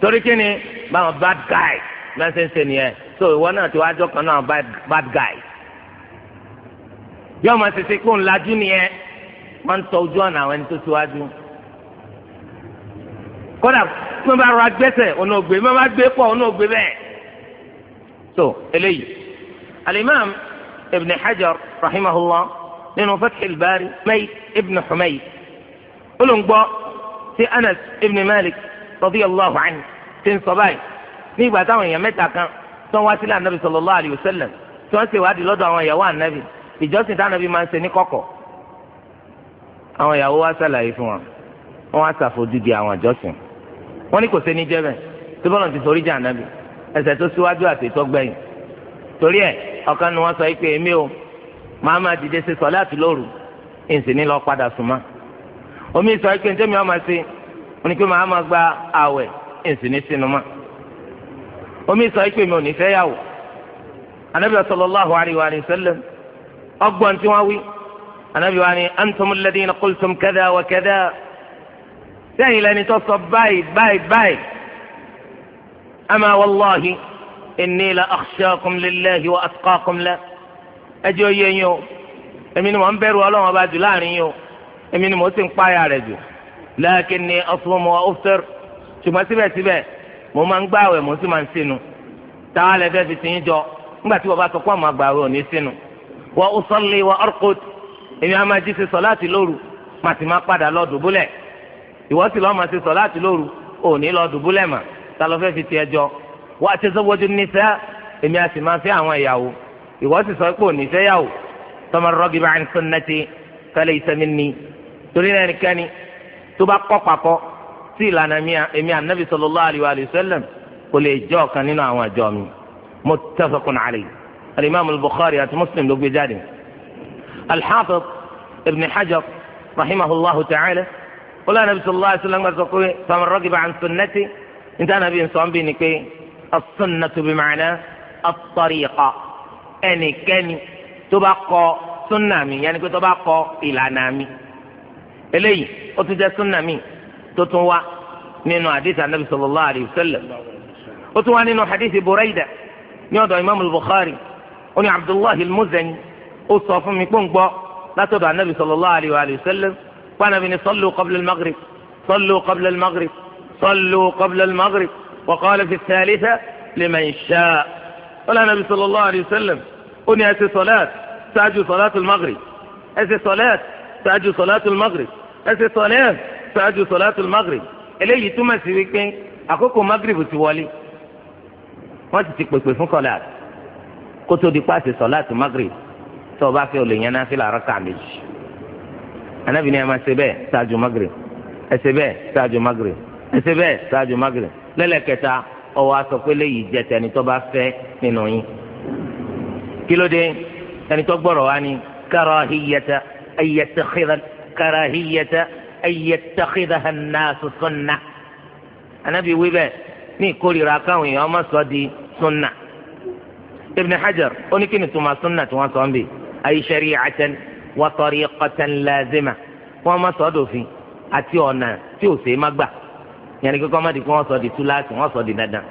torí kí ni báwọn bad guy máa ń ṣe ń ṣe nìyẹn so ìwọ náà ti wá jọ kan náà bad guy yóò máa ṣe ṣe kó ń lajú nìyẹn wọ́n ń tọ ojú ọ̀nà àwọn ẹni tó tiwájú. kódà tí wọ́n bá rọra gbẹ́sẹ̀ ọ̀nà ògbé wọ́n bá gbé pọ̀ ọ̀nà ògbé bẹ́ẹ̀. so eléyìí alimam ibn hajar rahimahullah nínú fathil bari may ibn humay olùgbọ́ ti anas ibn malik radiyallahu anhu ti ń sọ báyìí ní ìgbà táwọn èèyàn mẹ́ta kan tí wọ́n wá sílẹ̀ anabi sallallahu alayhi wa sallam tí wọ́n ṣèwádìí lọ́dọ̀ àwọn ìyàwó anabi ìjọsìn tí anabi máa ń ṣe ní kọ̀kọ̀ àwọn ìyàwó wa ṣàlàyé fún wa wọn wá ṣàfojúdi àwọn àjọsìn wọn ní kò sí ní jẹ́bẹ̀ tí bọ́lá ti forí jà nábì ẹsẹ̀ tó síwájú àti ìtọ́gbẹ̀yìn torí ẹ̀ ọ̀kan ni wọ́n sọ pé èmi o màá máa dìde ṣe sọ láti lóru ìsìn ní lọ padà sùnmọ́ omi sọ pé ntẹ́mi ọmọ ṣe wọn ni pé màá máa gba àwẹ̀ ìsìn ní sinumọ́ omi sọ pé mi ò ní fẹ́ yàwó anábìyà sallallahu alaihi wa sallam ọgbọ́n tí wọ́n wí anabi wa ni antumul ladina qultum kada wa kada sẹ́yìn lẹni tó sọ báyìí báyìí báyìí ama wallahi inni la akhshakum lillahi wa atqakum la ẹjọ́ yẹ yín o èmi ni mò ń bẹ̀rù ọlọ́run ọba jù láàrin yín o èmi ni mò sì ń páyà rẹ̀ jù lakinni asumu wa uftir ṣùgbọ́n síbẹ̀síbẹ̀ mo máa ń gbààwẹ̀ mo sì máa ń sinu táwa lẹ́fẹ̀ẹ́ fi ti yín jọ nígbà tí wọ́n bá sọ pé àwọn àgbààwẹ̀ ò ní sinu wa usalli wa arqud èmi á máa jí ṣe sọláàtì lóru màá sì máa padà lọ dùbúlẹ̀ ìwọ sì lọ́ọ́ máa ṣe sọláàtì lóru òní lọ dùbúlẹ̀ mà ta ló fẹ́ fi tiẹ̀ jọ wà á ti sọ́wọ́jú níṣẹ́ èmi á sì máa fẹ́ àwọn ìyàwó ìwọ sì sọ pé òní fẹ́ yàwó faman ragiba an sunnati falaysa minni torí ẹnikẹ́ni tó bá kọ́ papọ̀ sí ìlànà èmi ànábì sallallahu alayhi wa sallam kò lè الحافظ ابن حجر رحمه الله تعالى قال النبي صلى الله عليه وسلم فمن رغب عن سنتي انت انا بين سوان بينك السنه بمعنى الطريقه اني كني تبقى مي يعني كنت تبقى الى نامي الي قلت مي تتوى من حديث النبي صلى الله عليه وسلم قلت من حديث بريده يوضع امام البخاري وني عبد الله المزني ó sọ fún mi pọ́n gbọ́ látọ̀dọ̀ anabi sallallahu alayhi wa sallam pàànàbí ni sallu qabla al-maghrib sallu qabla al-maghrib sallu qabla al-maghrib wa qala fi ath-thalitha liman sha'a wọ́n lọ́nà anabi sallallahu alayhi wa sallam ó ní ẹ ṣe sọlẹ́t ṣáájú sọlẹ́t al-maghrib ẹ ṣe sọlẹ́t ṣáájú sọlẹ́t al-maghrib ẹ ṣe sọlẹ́t ṣáájú sọlẹ́t al-maghrib eléyìí túmọ̀ sí wípé àkókò maghrib ti wọlé wọ́n ti ti pèpè fún sọlẹ́t kótó di pàṣẹ sọlẹ́t maghrib tó o bá fẹ́ o lè yan náfìlà rákà méjì anabi ni ẹ máa ṣe bẹ́ẹ̀ ṣáájú magre ẹ ṣe bẹ́ẹ̀ ṣáájú magre ẹ ṣe bẹ́ẹ̀ ṣáájú magre lẹ́lẹ́kẹta ọwọ́ aṣọ pé léyìí jẹ tẹni tó bá fẹ́ nínú yín kí ló dé ẹni tó gbọ́rọ̀ wá ní karahiyata ayatakhidha karahiyata ayatakhidha hannasu sunna anabi wí bẹ́ẹ̀ ní ìkórìíra káwọn èèyàn ọmọ sọ di sunna ibn hajar ó ní kí sunna tí wọ́n sọ ń bì أي شريعة وطريقة لازمة وما صدفي àti ọ̀nà tí ati ṣeé má gbà yẹn ni kíkọ́ má di kí wọ́n sọ di túláàsì wọ́n sọ di dandan.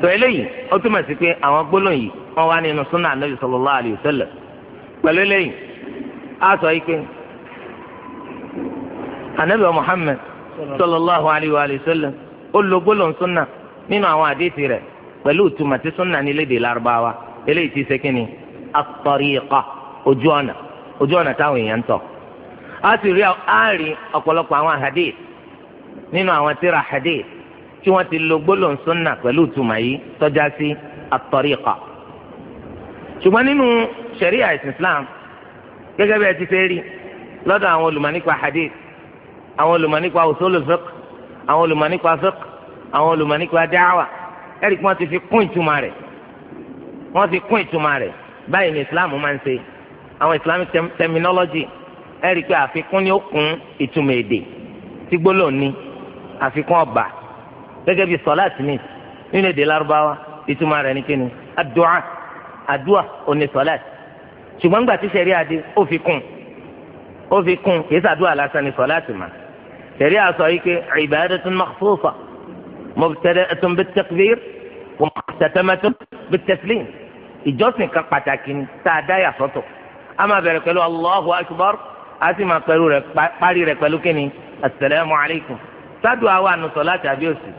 tó eléyìí ó túmọ̀ sí pé àwọn gbólóhùn yìí wọ́n wá nínú súnà anábì sallallahu alayhi wa sallam pẹ̀lú eléyìí á sọ yìí Muhammad àtọ̀ríkọ ojú ọ̀nà ojú ọ̀nà táwọn èèyàn ń tọ̀ a sì rí àárín ọ̀pọ̀lọpọ̀ àwọn hadith nínú àwọn tíra hadith tí wọ́n ti lo gbólóhùn sunna pẹ̀lú ìtumọ̀ yìí tọ́já sí àtọ̀ríkọ ṣùgbọ́n nínú ṣẹ̀ríà ìsìn Islam gẹ́gẹ́ bí ẹ ti fẹ́ rí lọ́dọ̀ àwọn olùmọ̀ nípa hadith àwọn olùmọ̀ nípa usulul fiqh àwọn olùmọ̀ nípa àwọn olùmọ̀ nípa ẹ̀rí kí wọ́n ti fi kún ìtumọ̀ rẹ̀ wọ́n ti kún ìtumọ̀ rẹ̀ báyìí ni islam máa ń ṣe àwọn islamic terminology ẹ rí i pé àfikún ni ó kún ìtumọ̀ èdè tí gbólóhùn ní àfikún ọba gẹ́gẹ́ bí sọláàtì ní nínú èdè lárúbáwá ìtumọ̀ rẹ̀ ní kíni àdúà àdúà òní sọláàtì ṣùgbọ́n nígbà tí sẹ̀rí adé ó fi kún ó fi kún kìí sàdúà lásán ní sọláàtì mà sẹ̀rí àsọ yìí pé ibadatun makhsusa mubtada'atun bit takbir wa mukhtamatun bit taslim ìjọsìn kan pàtàkì ni tá a dá yà sọ́tọ̀ a máa bẹ̀rẹ̀ pẹ̀lú allahu akbar a sì máa pẹ̀lú rẹ̀ parí rẹ̀ pẹ̀lú kíni asalaamu alaykum sádùn àwa ànusọ láti àbíòsì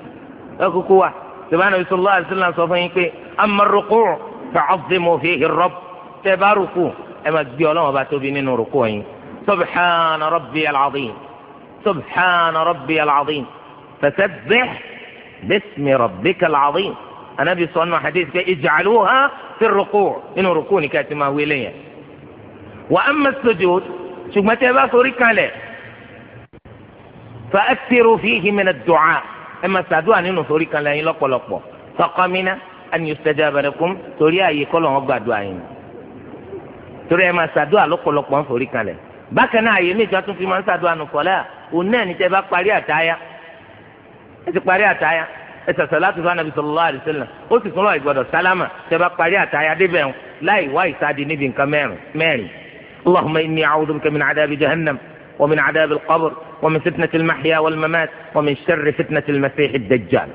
ẹ kúkú wa sèbáná bisalòlá àdìsílà sọ fún yín pé amma rukú fa'azzimu fihi tẹ bá rukú ẹ máa gbé ọlọ́wọ́n bá tóbi nínú rukú yín subhana rabbi al subhana rabbi al-azim fasabbih bismi rabbika al-azim anabi sọ nù hadith pé ij'aluha fi ruku' inú ruku' nìkan ti máa wílé yẹn. wa amma sujud ṣùgbọ́n tẹ́ ẹ bá forí kalẹ̀ fa akthiru fihi min ad-du'a ẹ máa ṣàdúrà nínú forí kalẹ̀ yín lọ́pọ̀lọpọ̀ faqamina an yustajaba lakum torí ààyè kọ́lọ̀ wọn gbàdúrà yín torí ẹ máa ṣàdúrà lọ́pọ̀lọpọ̀ ń forí kalẹ̀ bákan náà àyè méjì tún fi máa ń ṣàdúrà fọlẹ́ à òun náà ní bá parí àtáyà ẹ ti parí àtáyà ẹsẹ̀ sọ̀láàtì fún anabi sallallahu alaihi wasallam ó sì fún lọ́ọ̀ ìgbọ́dọ̀ sálámà tẹ́ parí àtàyà débẹ̀ ń láì wá ìsádi níbi nǹkan mẹ́rin mẹ́rin. اللهم إني أعوذ بك من عذاب جهنم ومن عذاب القبر ومن فتنة المحيا والممات ومن شر فتنة المسيح الدجال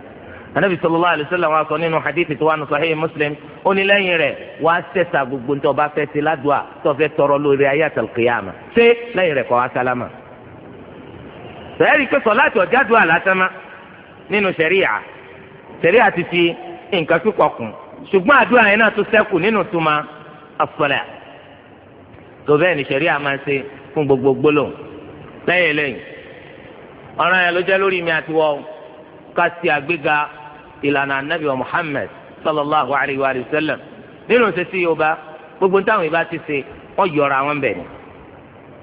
anabi sallallahu alayhi wa sallam wa sọ nínú hadithi tí wà ní muslim ó ní lẹ́yìn rẹ̀ wá sẹsà gbogbo ní bá fẹ́ ṣe ládùá tó fẹ́ tọrọ lórí ayé àtàlùkìyàmà ṣé lẹ́yìn rẹ̀ kọ wá sálámà. sẹ́yìn pé sọ láti ọ̀já dùn àlásánmá nínú sẹ̀ríyà sẹ̀rí àti fi nǹkan pípọ̀ kùn ṣùgbọ́n àdúrà yẹn náà tún sẹ́kù nínú túmọ̀ àfọlẹ́ tó bẹ́ẹ̀ ni sẹ̀rí àmà ṣe fún gbogbo gbólóhùn lẹ́yìn lẹ́yìn ọ̀ràn yẹn ló jẹ́ lórí mi àti wọ́n ká sí àgbéga ìlànà anabi wa Muhammad sallallahu alayhi wa sallam nínú sẹ́sí yorùbá gbogbo táwọn ìbá ti ṣe wọ́n yọra àwọn bẹ̀ ni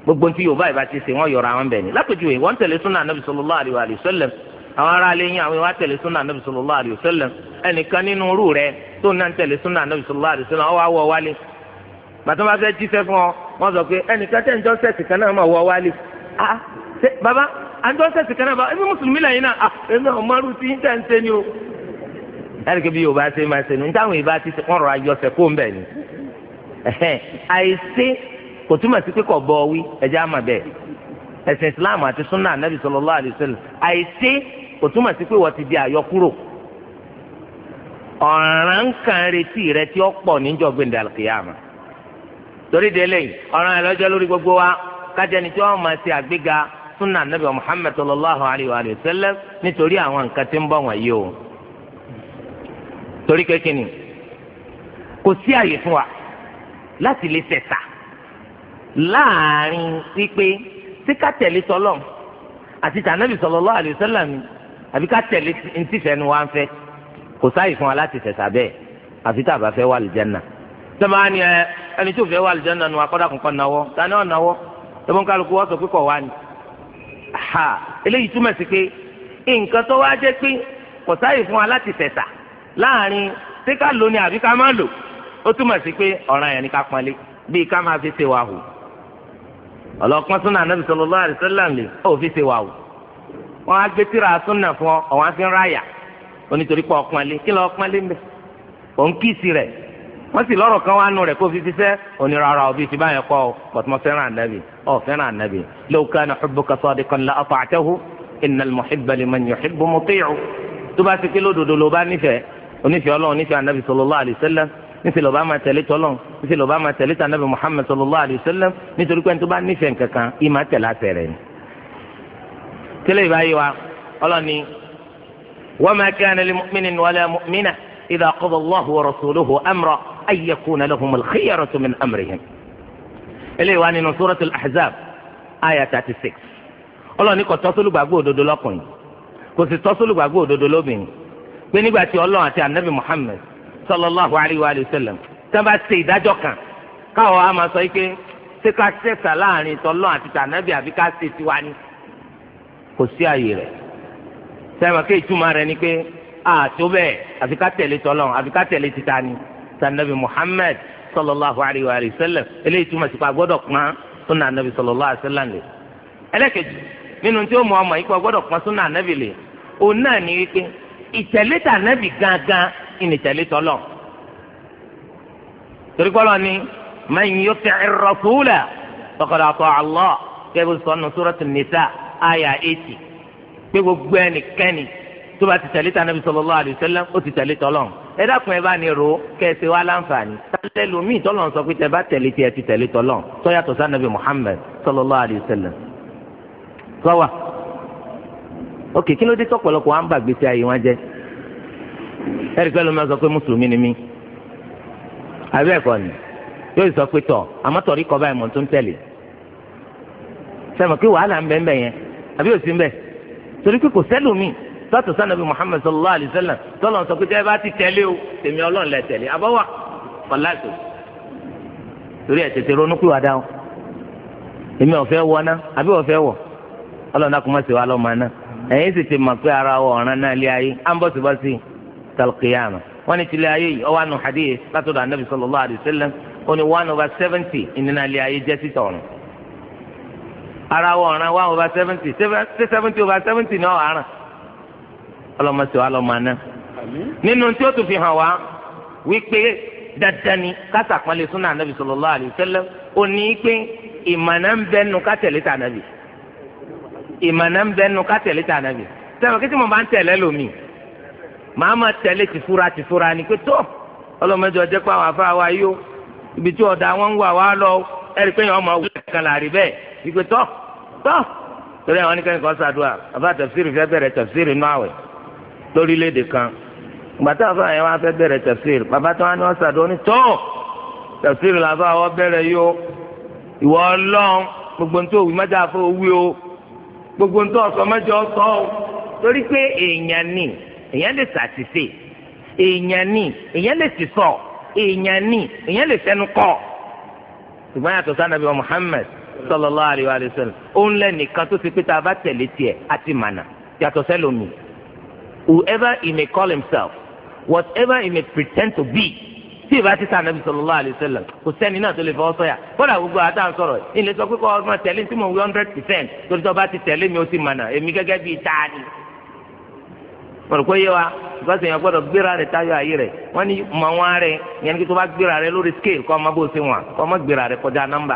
gbogbo tí yorùbá ìbá ti ṣe wọ́n yọra àwọn bẹ̀ ni lápèjúwe sallallahu alayhi wa àwọn ará ilé yín àwọn ìwà tẹ̀lé súnà nàbì sallallahu alaihi wasallam ẹnìkan nínú rú rẹ tó náà ń tẹ̀lé súnà nàbì sallallahu alaihi wasallam ọwọ́ awọ wálé bàtà bá fẹ́ jíṣẹ́ fún ọ wọ́n sọ pé ẹnìkan tẹ̀ ń jọ́ sẹ̀sì kan náà máa wọ wálé ah bàbá à ń jọ́ sẹ̀sì kan náà bá ẹbí mùsùlùmí lẹ́yìn náà ah ẹ̀mí ọ̀ márùn tí ń tẹ̀ ń ṣe ni o. ẹnìkan bí yorùbá ṣe máa ṣe nu níta àwọn ìbá ti wọ́n rọra yọ ọ̀sẹ̀ kó Islam àti sunnah anabi sallallahu alaihi wasallam àìsí kò túmọ̀ sí pé wọ́n ti di àyọkúrò ọ̀ràn kan retí rẹ tí ó pọ̀ níjọ́ gbẹ̀ndẹ̀ àlùkìyàmà torí délé ọ̀ràn ẹlọ́jọ́ lórí gbogbo wa kájẹni tí wọ́n máa ṣe àgbéga sunna nabi Muhammad sallallahu alayhi wa sallam nítorí àwọn nǹkan tí ń bọ̀ o torí kékeré kò sí àyè láti lè láàrin wípé àti tànàbì alayhi àbí ká tẹ̀lé ntífẹ́ ni wọ́n á fẹ́ kò sáyì fún wa láti tẹ̀sà bẹ́ẹ̀ àfi tá a bá fẹ́ wà lìjánà sábà ni ẹ ẹni tó fẹ́ wà lìjánà nu akọ́dà kankan náwọ́ tani ọ̀ náwọ́ ẹbọn kálukú wọ́n sọ pé kọ̀ wá ni ha eléyìí túmọ̀ sí pé nǹkan tó wá jẹ́ pé kò sáyì fún wa láti tẹ̀sà láàrin ṣé ká lò ni àbí ká má lò ó túmọ̀ sí pé ọ̀ràn yẹn ni ká pọ́nlé bíi ká máa fi ṣe wà hù ọ̀lọ́kùnrin sún wọn á gbé tíra súnà fún ọ ọwọn á fi ń ráyà onítorí pé ọpọn lé kí lọ ọpọn lé mbẹ òun kíìsì rẹ wọn sì lọ́rọ̀ kan wá nù rẹ kó fi ṣiṣẹ́ onírara òbí ti báyẹn kọ ọ pọtumọ fẹ́ràn ànábì ọ fẹ́ràn ànábì law kana hubbuka sadiqan la ata'tahu innal muhibba liman yuhibbu muti'u tó bá ti pé lódodo ló bá nífẹ̀ẹ́ onífẹ̀ẹ́ Ọlọ́run onífẹ̀ẹ́ ànábì sallallahu alaihi wasallam níṣẹ́ máa tẹ̀lé tọ́lọ́ níṣẹ́ lọ́ba máa tẹ̀lé tànàbì Muhammad sallallahu alaihi nítorí pé ẹni tó bá nífẹ̀ẹ́ nǹkan kan ìmọ̀ tẹ̀lé ni tẹ́lẹ̀ ìbáyé wa ọlọ́ni wa ma kana li mu'minin wala mu'minah idha qada Allahu wa rasuluhu amra an yakuna lahumul khiyaratu min amrihim. eléyìí wá nínú suratul ahzab aya thirty six ọlọ́ni kò tọ́ sólùgbàgbọ́ òdodo lọ́kùnrin kò sì tọ́ sólùgbàgbọ́ òdodo lóbìnrin pé nígbà tí ọlọ́run àti anabi muhammed sallallahu alayhi wa sallam tá a bá ṣe ìdájọ́ kan káwọn a sọ yìí pé ká ṣẹ̀ṣà láàrin tọ́lọ́ àti tànàbì àbí ká ṣe tiwa ni kò sí àyè rẹ̀ sẹ́wọ̀n kí ìtumọ̀ rẹ̀ ni pé àtó bẹ́ẹ̀ àfi ká tẹ̀lé tọ́lọ́n àfi ká tẹ̀lé títa ni sanabi Muhammad sallallahu alayhi wa sallam eléyìí túmọ̀ sí pé a gbọ́dọ̀ pọ́n sunna anabi sallallahu alayhi wa sallam lè ẹlẹ́kẹ̀jì nínú tí ó mọ ọmọ yìí pé a gbọ́dọ̀ pọ́n sunna anabi lè òun náà ni wípé ìtẹ̀lé tà anabi gangan ìnìtẹ̀lé tọ́lọ́n torí kọ́lọ́ ni man yuti' ar-rasula faqad ata Aya eti pé gbogbo ẹnikẹ́ni tó bá ti tẹ̀lé tànàbí sallallahu alaihi wasallam ó ti tẹ̀lé tọ́lọ́run ẹ dákun ẹ bá ní ro kẹsẹ̀ wa láǹfààní tálẹ́ lomi tọ́lọ́run sọ pé tẹ bá tẹ̀lé tiẹ̀ ti tẹ̀lé tọ́lọ́run tọ́yàtọ̀ sànàbí Muhammad sallallahu alaihi wasallam sọ́wà ok kí ló dé tọ́pọ̀lọpọ̀ wa ń bàgbé sí ayé wọn jẹ́ ẹ̀rí pẹ́ ló máa sọ pé mùsùlùmí ni mí àbí ẹ̀kọ́ ni yóò sọ pé tọ̀ àmọ́ tọ̀rí kọ́ báyìí mọ̀ tó ń tẹ̀lé sẹ́mi kí wàhálà ń bẹ́ẹ̀ bẹ́ẹ̀ yẹn àbí òsì ń bẹ torí pé kò sẹ́lòmíì tọ́tù sànàbí Muhammad sallallahu alayhi wa sallam tọ́lọ̀ sọ pé tẹ́ ẹ bá ti tẹ̀lé o tèmi ọlọ́run lẹ torí tètè ronú pé wà dáhùn èmi wọ àbí ara wọ ọ̀ràn náà lé ayé à ń bọ̀ sí bọ́ sí wọ́n ní tilé ayé yìí ọwọ́ látọ̀dọ̀ anabi sallallahu alayhi ara wọn ọ̀ràn one over seventy ṣé seventy over seventy ọ̀ràn ọlọmọsí wa lọmọ aná nínú tí ó tún fi hàn wá wípé dandan ni kásàpọ̀nlé súnà ànábì sallallahu alaihi wasallam ó ní pé ìmọ̀nà ń bẹ́ nu kátẹ̀lé tà ànábì ìmọ̀nà ń bẹ́ nu tà ànábì sẹ́wọ̀n kí tí mo bá ń tẹ̀lé lómi màá ma tẹ̀lé tìfura tìfura ni pé tó ọlọmọdé ọjọ́ pé àwọn afárá wa yó ibi tí ọ̀dà wọn ń wà wá ẹ̀rí pé yẹn ọmọ wúlò kan láàrin bẹ́ẹ̀ ìgbé tọ́ tọ́ torí àwọn oníkẹ́ni kan ṣàdúrà àbá tafsiri fẹ́ bẹ̀rẹ̀ tafsiri nù àwẹ̀ lórílẹ̀‐èdè kan gbàtà àbá yẹn wá fẹ́ bẹ̀rẹ̀ tafsiri bàbá tó wá ní wọ́n ṣàdúrà ní tó tafsiri làbá wọ́n bẹ̀rẹ̀ yó ìwọ ọlọ́run gbogbo ntọ́ òwì mẹ́ta fún owí o gbogbo ntọ́ ọ̀sọ́ mẹ́jọ ọ̀sọ́ o ṣùgbọ́n yàtọ̀ sànàbí wa Muhammad sallallahu alayhi wa sallam òun lẹ nìkan tó ti pé tá a bá tẹ̀lé tiẹ̀ á ti mànà yàtọ̀ sẹ́lómi whoever he may call himself whatever he may pretend to be tí ìbá ti sànàbí sallallahu alayhi wa sallam kò sẹ́ni náà tó lè fọwọ́ sọ́yà kódà gbogbo àti à ń sọ pé kọ́ ọ wọn kò yé wa because èèyàn gbọ́dọ̀ gbéra rẹ̀ táyọ̀ ayé rẹ̀ wọ́n ní mọ̀ wọ́n rẹ̀ yẹn kí tó bá gbéra rẹ̀ lórí scale kọ́ ọmọ bó ṣe wọn kọ́ ọmọ gbéra rẹ̀ kọjá nọ́mbà.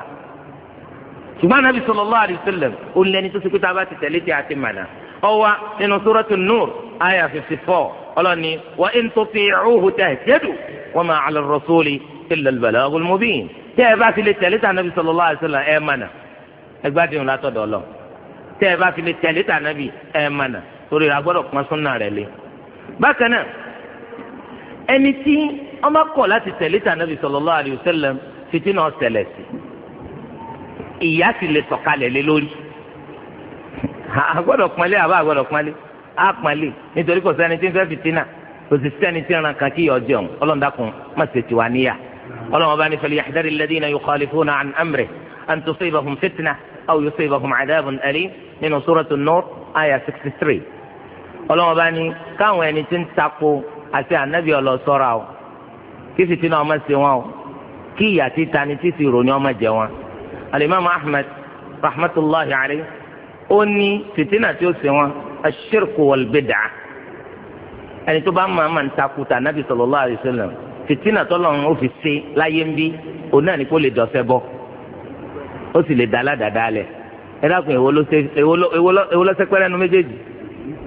ṣùgbọ́n anabi sallallahu alaihi wasallam ó lẹ́ni tó sèkúta bá ti tẹ̀lé tí a ti mànà ọwọ́ nínú suratu nur aya fifty four ọlọ́ni wa in tuti'uhu fi lè tẹ̀lé tí anabi sallallahu alaihi wasallam ẹ torí a gbọ́dọ̀ pọn súnà rẹ̀ lé bákan náà ẹni tí wọn bá kọ̀ láti tẹ̀lé tànàbì sallallahu alayhi wa sallam títí náà ṣẹlẹ̀ sí ìyá sì lè sọ̀kalẹ̀ lé lórí a gbọ́dọ̀ pọnlé àbá a gbọ́dọ̀ pọnlé a pọnlé nítorí kò sẹ́ni tí ń fẹ́ fìtínà kò sì sẹ́ni tí ń ran kan kí yọ jẹun ọlọ́ọ̀dàkùn má ṣe tiwa níyà ọlọ́wọ́n bá ní falyahdhari alladhina yukhalifuna an amrihi an tusibahum fitnatun aw yusibahum adhabun alim nínú suratu an-nur 63 ọlọ́wọ́n bá ní káwọn ẹni tí ń takò àti ànábì ọlọ sọ́ra o kí fìtínà ọmọ ṣe wọn o kí ìyà títa ni títí ìròyìn ọmọ jẹ wọn. alimami ahmed rahmatulahi alayhi ó ní fìtínà tí ó ṣe wọn aṣírkù wọlbẹdà ẹni tó bá máa máa ń takò tà ànábì sallallahu alayhi wasallam fìtínà tọ́lọ́run ó fi ṣe láyé ń bí òun náà ni kó lè dọ̀sẹ̀ bọ́ ó sì lè dá aládàá dálẹ̀ ẹ dákun èwo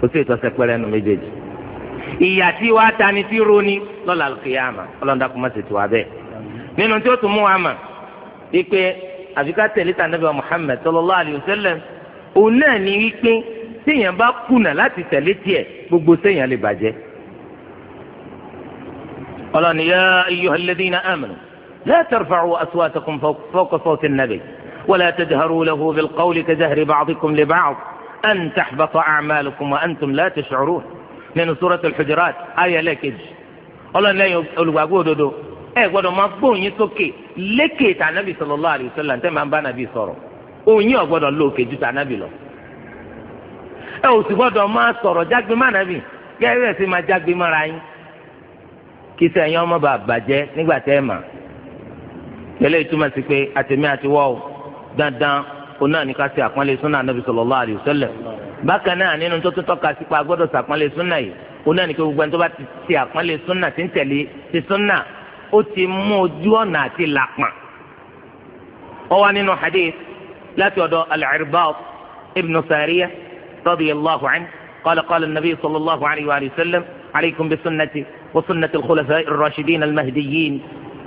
kò sí ìtọ́sẹ̀ pẹ́rẹ́ nu méjèèjì ìyà tí wàá ta ni tí roni lọ́la kìyàmà ọlọ́dà kò má ṣe tù wá bẹ́ẹ̀ nínú tí ó tún mú wa mà wípé àfikà tẹ̀lé ta nàbẹ̀ Muhammad sallallahu alayhi wa sallam òun náà ni wípé téèyàn bá kùnà láti tẹ̀lé tiẹ̀ gbogbo séèyàn lè bàjẹ́ ọlọ́ni yá ayyuhal ladhina amanu la tarfa'u aswatakum fawqa sawti an-nabi wa la tajharu lahu bil qawli ka jahri ba'dikum li ba'd. أن تحبط أعمالكم وأنتم لا تشعرون nínú suratul Hujurat ayé ẹlẹ́ẹ̀kejì ọlọ́run lẹ́yìn olùgbàgbọ́ òdodo ẹ gbọ́dọ̀ máa gbóhùn yín sókè lékè tà nábì sallallahu alaihi wasallam tẹ́ máa ń bá nábì sọ̀rọ̀ òun yín ọ̀gbọ́dọ̀ lókè ju tà nábì lọ. ẹ ò sì gbọ́dọ̀ máa sọ̀rọ̀ jágbe má nábì gẹ́gẹ́ sì máa òun náà ní ká ṣe àpọ́nlé súnà nàbì sallallahu àdìo sẹlẹ̀ bákan náà nínú tó tún tọ́ka sípa gbọ́dọ̀ ṣàpọ́nlé súnà yìí ó náà ní kí gbogbo ẹni tó bá ti ṣe àpọ́nlé súnà tí ń tẹ̀lé ti súnà ó ti mú ojú ọ̀nà àti làpọ̀n. ó wá nínú hadith láti ọ̀dọ̀ ibnu sàríyà tọ́bi allahu anhu qala qala nabi sọlọ alaihi wa sallam alaykum bi wa sunnati al-khulafa'i ar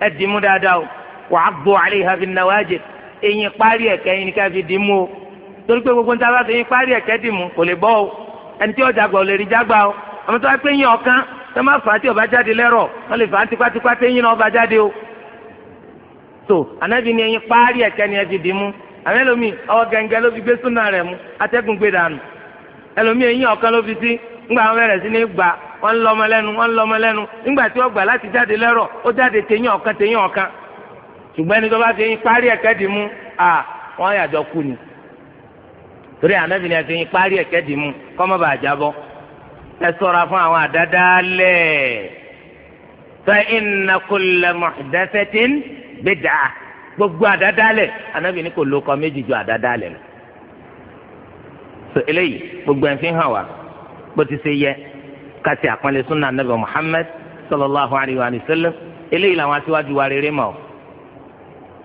ẹ dì mú dáadáa o wà á gbọ́ àlẹ́ ìhàfi nàwájẹ eyín parí ẹ̀kẹ́ yín ni ká fi dì mú o torí pé gbogbo níta bá fi eyín parí ẹ̀kẹ́ dì mú kò lè bọ́ o ẹni tí ọjà gbọ́ lè rí jágbá o àmọ́ tó wá pé yín ọ̀kan tó má fà á tí ọba jáde lẹ́rọ̀ wọ́n lè fà á tipátipá tí eyín náà ọba jáde o tó ànábì ni eyín parí ẹ̀kẹ́ ni ẹ fi dì mú àmọ́ ẹlòmíì ọwọ́ wọn lọ lọ́mọ lẹnu wọ́n lọ lọ́mọ lẹnu nígbà tí ó gbà láti jáde lẹ́rọ̀ ó jáde téyàn ọ̀kan téyàn ọ̀kan ṣùgbọ́n ẹni tó bá fi parí ẹ̀kẹ́ dì mú à wọ́n yàjọ kú ni torí ànábìíní ẹ̀ fi parí ẹ̀kẹ́ dì mú jábọ́ ẹ fún àwọn àdáda gbogbo àdáda kò méjì ju àdáda lọ eléyìí gbogbo fi hàn wá bó ti ṣe yẹ kásì àpọ́nlé súnà nàbẹ̀ Muhammad sallallahu alayhi wa sallam eléyìí làwọn aṣíwájú wa rere mọ̀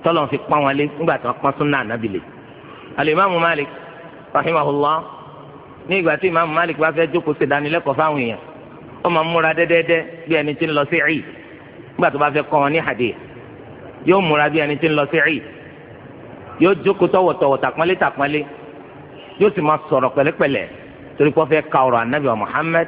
tọ́lọ̀ fi pọ́n wọn lé nígbà tí wọ́n pọ́n súnà nàbì lé. alimami Malik rahimahullah ní ìgbà tí imaamu Malik bá fẹ́ jókòó ṣe dánilẹ́kọ̀ọ́ fáwọn èèyàn ó máa múra dẹ́dẹ́dẹ́ bí ẹni tí ń lọ sí ẹ̀yì nígbà tó bá fẹ́ kọ́ wọn ní hadith yóò múra bí ẹni tí ń lọ sí ẹ̀yì yóò jókòó tọ̀wọ̀tọ̀wọ̀ tàpọ́nlé tàpọ́nlé yóò sì máa sọ̀rọ̀ pẹ̀lẹ́pẹ̀lẹ́ torí kó fẹ́ anabi wa Muhammad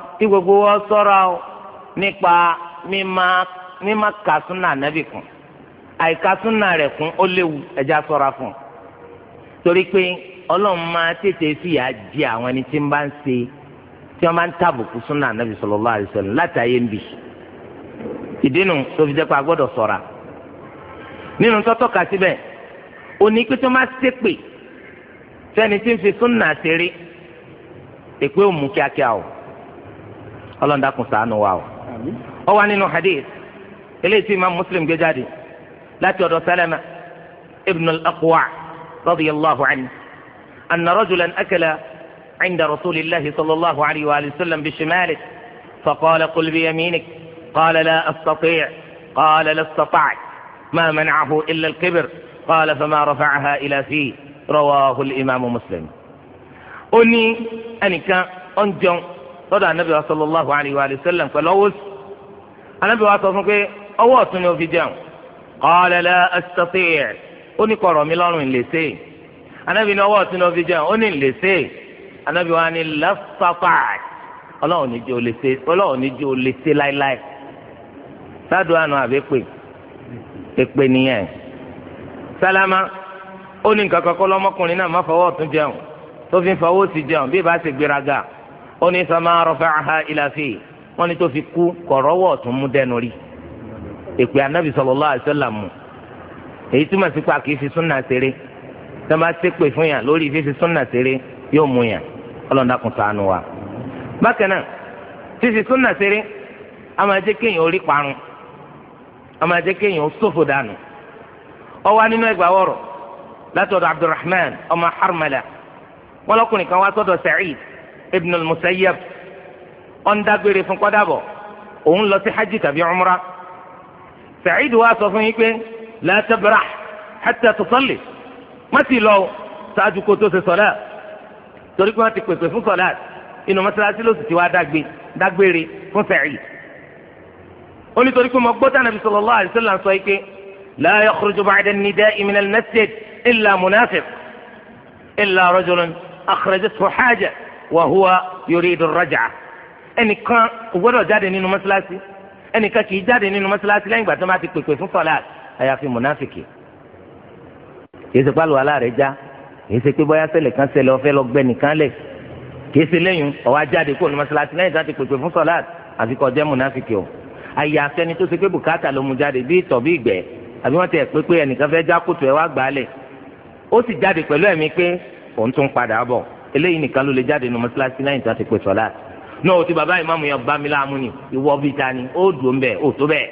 tí gbogbo wa sọ́ra o nípa mímá ka súnà kan kún rẹ̀ kún ó léwu ẹja sọ́ra fún torí pé ọlọ́run máa tètè fìyà jẹ àwọn ẹni tí ń bá ń ṣe tí wọ́n bá ń tàbùkù súnà ànábì sallallahu látàyè ń bì ìdínú tó fi jẹ́ pé a gbọ́dọ̀ nínú síbẹ̀ òní o. ọlọ́run dákun ṣàánú wa o. ó wà nínú hadith eléyìí tí imam muslim gbé jáde láti ọ̀dọ̀ sálẹ́mà ibn al-aqwa radiyallahu anhu anna rajulan akala عند رسول الله صلى الله عليه وآله وسلم بشماله فقال قل بيمينك قال لا أستطيع قال لا استطعت ما منعه إلا الكبر قال فما رفعها إلى فيه رواه الإمام مسلم أني أنك أنجم lọ́dọ̀ anabi wa sallallahu alayhi wa sallam pẹ̀lú ọwọ́ sí anabi wa sọ fún pé ọwọ́ ọ̀tún ni ó fi jẹun O ni astati' ó ní kọ̀rọ̀ mi lọ́rùn ìlẹsẹ anabi ní ọwọ́ ni o fi jẹun ó ní anabi wa ni lafapaa Ọlọ́run ní jẹ́ o le ní jẹ́ olèsè láéláé sádùn àná àbẹ pè èpè nìyẹn sálámà ó ní nǹkan kan kọ́ náà má fọwọ́ jẹun tó fi ń fọwọ́ sí ó ní sàmà rafa'aha ila fi wọ́n ní tó fi kú kọ̀rọ́wọ́ tún mú dẹnu rí èpè anábì sallallahu alaihi wasallam mú èyí túmọ̀ sí pa kì í fi súnà ṣeré tẹ́ bá ṣépè fún yàn lórí fífi súnà ṣeré yóò mú yàn ọlọ́dà kún ṣàánú wa. bákan náà fífi súnà ṣeré a máa jẹ́ kéèyàn orí parun a máa jẹ́ kéèyàn sófò dànù ó nínú ẹgbàá wọ̀rọ̀ látọ̀dọ̀ abdulrahman ọmọ harmala wọn lọkùnrin kan wá sọ́dọ̀ sa'id ibn al-musayyab ọ̀n dágbére fún kọ́dàbọ̀ òun lọ sí hajj tàbí umra sa'id wa sọ fún yín pé la tabrah hatta tusalli má sì lọ ṣáájú kó tó ṣe sọlá torí pé wọ́n ti pèpè fún sọlá inú mọ́sálásí ló sì ti wá dágbé dágbére fún sa'id ó ní torí pé mo gbọ́ tánàbí sallallahu alaihi wasallam sọ yín pé la yakhruju ba'da an-nida'i min al-masjid illa munafiq illa rajulun akhrajahu haja wa huwa yuridu ar-raj'a ẹnìkan kò gbọ́dọ̀ jáde nínú mọ́ṣáláṣí ẹnìkan kì í jáde nínú mọ́ṣáláṣí lẹ́yìn ìgbà tó máa ti pèpè fún sọ́láàt àyàfi mùnáfìkì kìí ṣe pálọ̀ aláàrẹ̀ já kìí ṣe pé bóyá ṣẹlẹ̀ kan ṣẹlẹ̀ ọ̀fẹ́ lọ gbẹ nìkan lẹ̀ kìí ṣe lẹ́yìn ó wá jáde kó ní mọ́ṣáláṣí lẹ́yìn tó ti pèpè fún sọ́láàt àfi kó jẹ́ mùnáfìkì o àyàfi ti ẹ̀ pé pé ẹnìkan fẹ́ já kùtù ẹ̀ wá gbà ó sì jáde pẹ̀lú ẹ̀mí pé òun tún padà bọ̀ eléyìí nìkan ló lè jáde nínú mọ́sálásí lẹ́yìn tí wọ́n ti pè sọ́lá náà o ti bàbá ìmáàmù yẹn bá mi láàmú ni ìwọ bíi ta ni ó dùn bẹ́ẹ̀ ó tó bẹ́ẹ̀.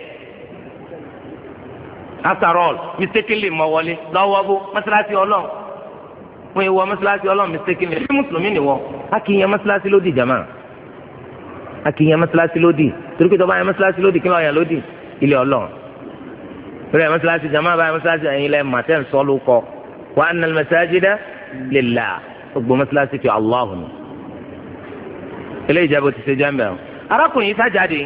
after all mistakenly mọ wọlé lọ́wọ́ bó mọ́sálásí ọlọ́run fún ìwọ mọ́sálásí ọlọ́run mistakenly ṣé mùsùlùmí ni wọ́n a kì í yan mọ́sálásí lódì jàmá a kì í yan mọ́sálásí lódì torí pé tó bá yan mọ́sálásí lódì kí ló lódì ilé ọlọ́run torí mọ́sálásí gbogbo mọ́sálásí fi Allahu ni ilé ìjẹ́bù ti ṣe jẹ́mbẹ̀ o. arákùnrin yìí sájáde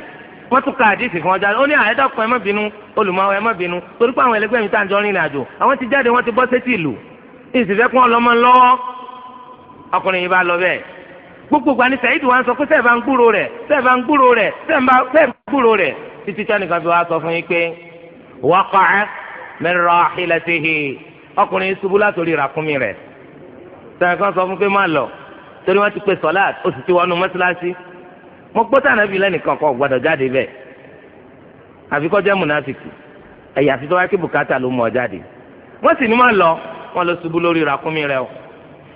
wọ́n tún ka àdìsí fún ọjà ó ní àyẹ́dàkùn ẹ má bínú olùmọ̀wé ẹ má bínú torí pé àwọn ẹlẹgbẹ́ mi tá à ń jọ rìnrìn àjò àwọn ti jáde wọ́n ti bọ́ sétí ìlú ìsìfẹ́ kún ọlọ́mọ lọ́wọ́ ọkùnrin yìí bá lọ bẹ́ẹ̀ gbogbo gba ni sẹ́yìdì wa ń sọ pé sẹ́ẹ̀ ń gbúrò rẹ̀ sẹ́ẹ̀ ń gbúrò sọ̀rọ̀ kan sọ fún pé má lọ torí wọ́n ti pe sọ̀láàt ó sì ti wọnú mọ́ṣáláṣí mo gbọ́ tànàbí lẹ́nìkan kọ́ gbọ́dọ̀ jáde bẹ́ẹ̀ àfi kọ́ jẹ́ múnáfìkì ẹ̀yà àfi tó wáyé kí bùkátà ló mọ̀ jáde wọ́n sì ní má lọ wọ́n lọ ṣubú lórí ràkúnmí rẹ̀ o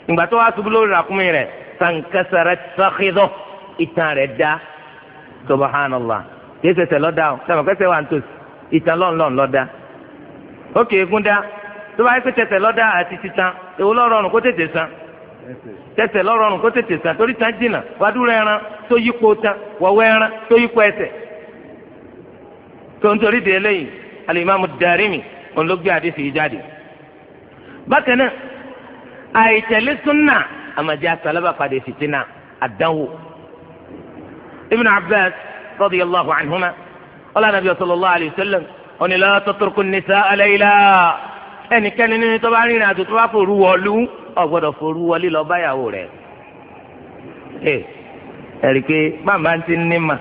ìgbà tó wá ṣubú lórí ràkúnmí rẹ̀ sankẹsẹrẹ sọkìdọ̀ ìtàn rẹ̀ dá subhanallah kì í ṣẹṣẹ lọ́dá o sábà kẹsẹ̀ wà nítòsí ìtàn lọ́nlọ́n lọ́dá ó kì í gún dá tó bá yẹ kó ṣẹṣẹ lọ́dá àti títan èwo lọ́rọ̀rùn kó tètè san tẹsẹ̀ lọ́rọ̀rùn kó tètè san torí tán jìnnà wàdúrà ẹran tó yípo tán wọ̀wọ́ ẹran tó yípo ẹsẹ̀ tó ń torí délé yìí alimami darimi olóògbé àdìsí yìí jáde. bákan náà àìtẹ̀lé súnà àmàjẹ́ asálábà padà fìtínà àdánwò. ibn abbas radiyallahu anhuma ọlọ́run nàbí sallallahu alayhi wa sallam ó ní la tatruku an ẹnikẹ́ni nínú tó bá rìnrìn àjò tó bá forú wọlú ò forú wọlé lọ báyàwó rẹ̀ ẹ̀rí pé bàbá ti ní mà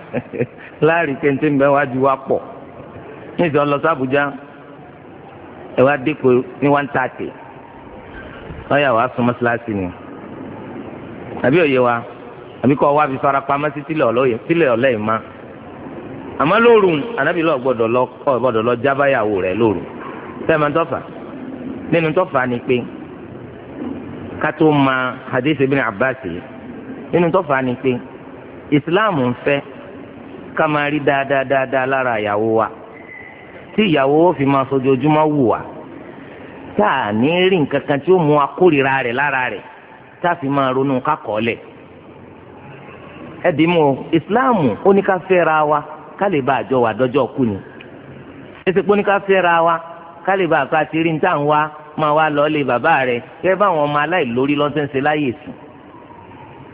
láàrin pé ti ń wa pọ̀ níṣẹ́ lọ sí Àbújá ẹ wá dínkù ní one wa mọ́ṣáláṣí ni àbí òye wa àbí kọ́ wa fi fara pamọ́ sí tílẹ̀ tílẹ̀ àmọ́ lóru gbọ́dọ̀ lọ nínú tó fà á ni pé kátó ma hadith ibn abbas yìí nínú tó fà á ni pé islam ń fẹ́ ká máa rí dáadáa dáadáa lára ìyàwó wa tí ìyàwó fi máa sojoojúmọ́ wù wá tá a ní rí nǹkan kan tí ó mú akórira rẹ̀ lára rẹ̀ tá a fi máa ronú kákọ́ọ́lẹ̀ ẹ dì o islam ó ní ká fẹ́ra wa ká lè bá àjọ wà dọ́jọ́ kú ni ẹ pé ó ní wa kálíbà àpá ti rí níta ń wá máa wá lọ lé bàbá rẹ̀ kẹ báwọn ọmọ aláìlórí lọ́sẹ̀ǹsẹ̀ láyè sí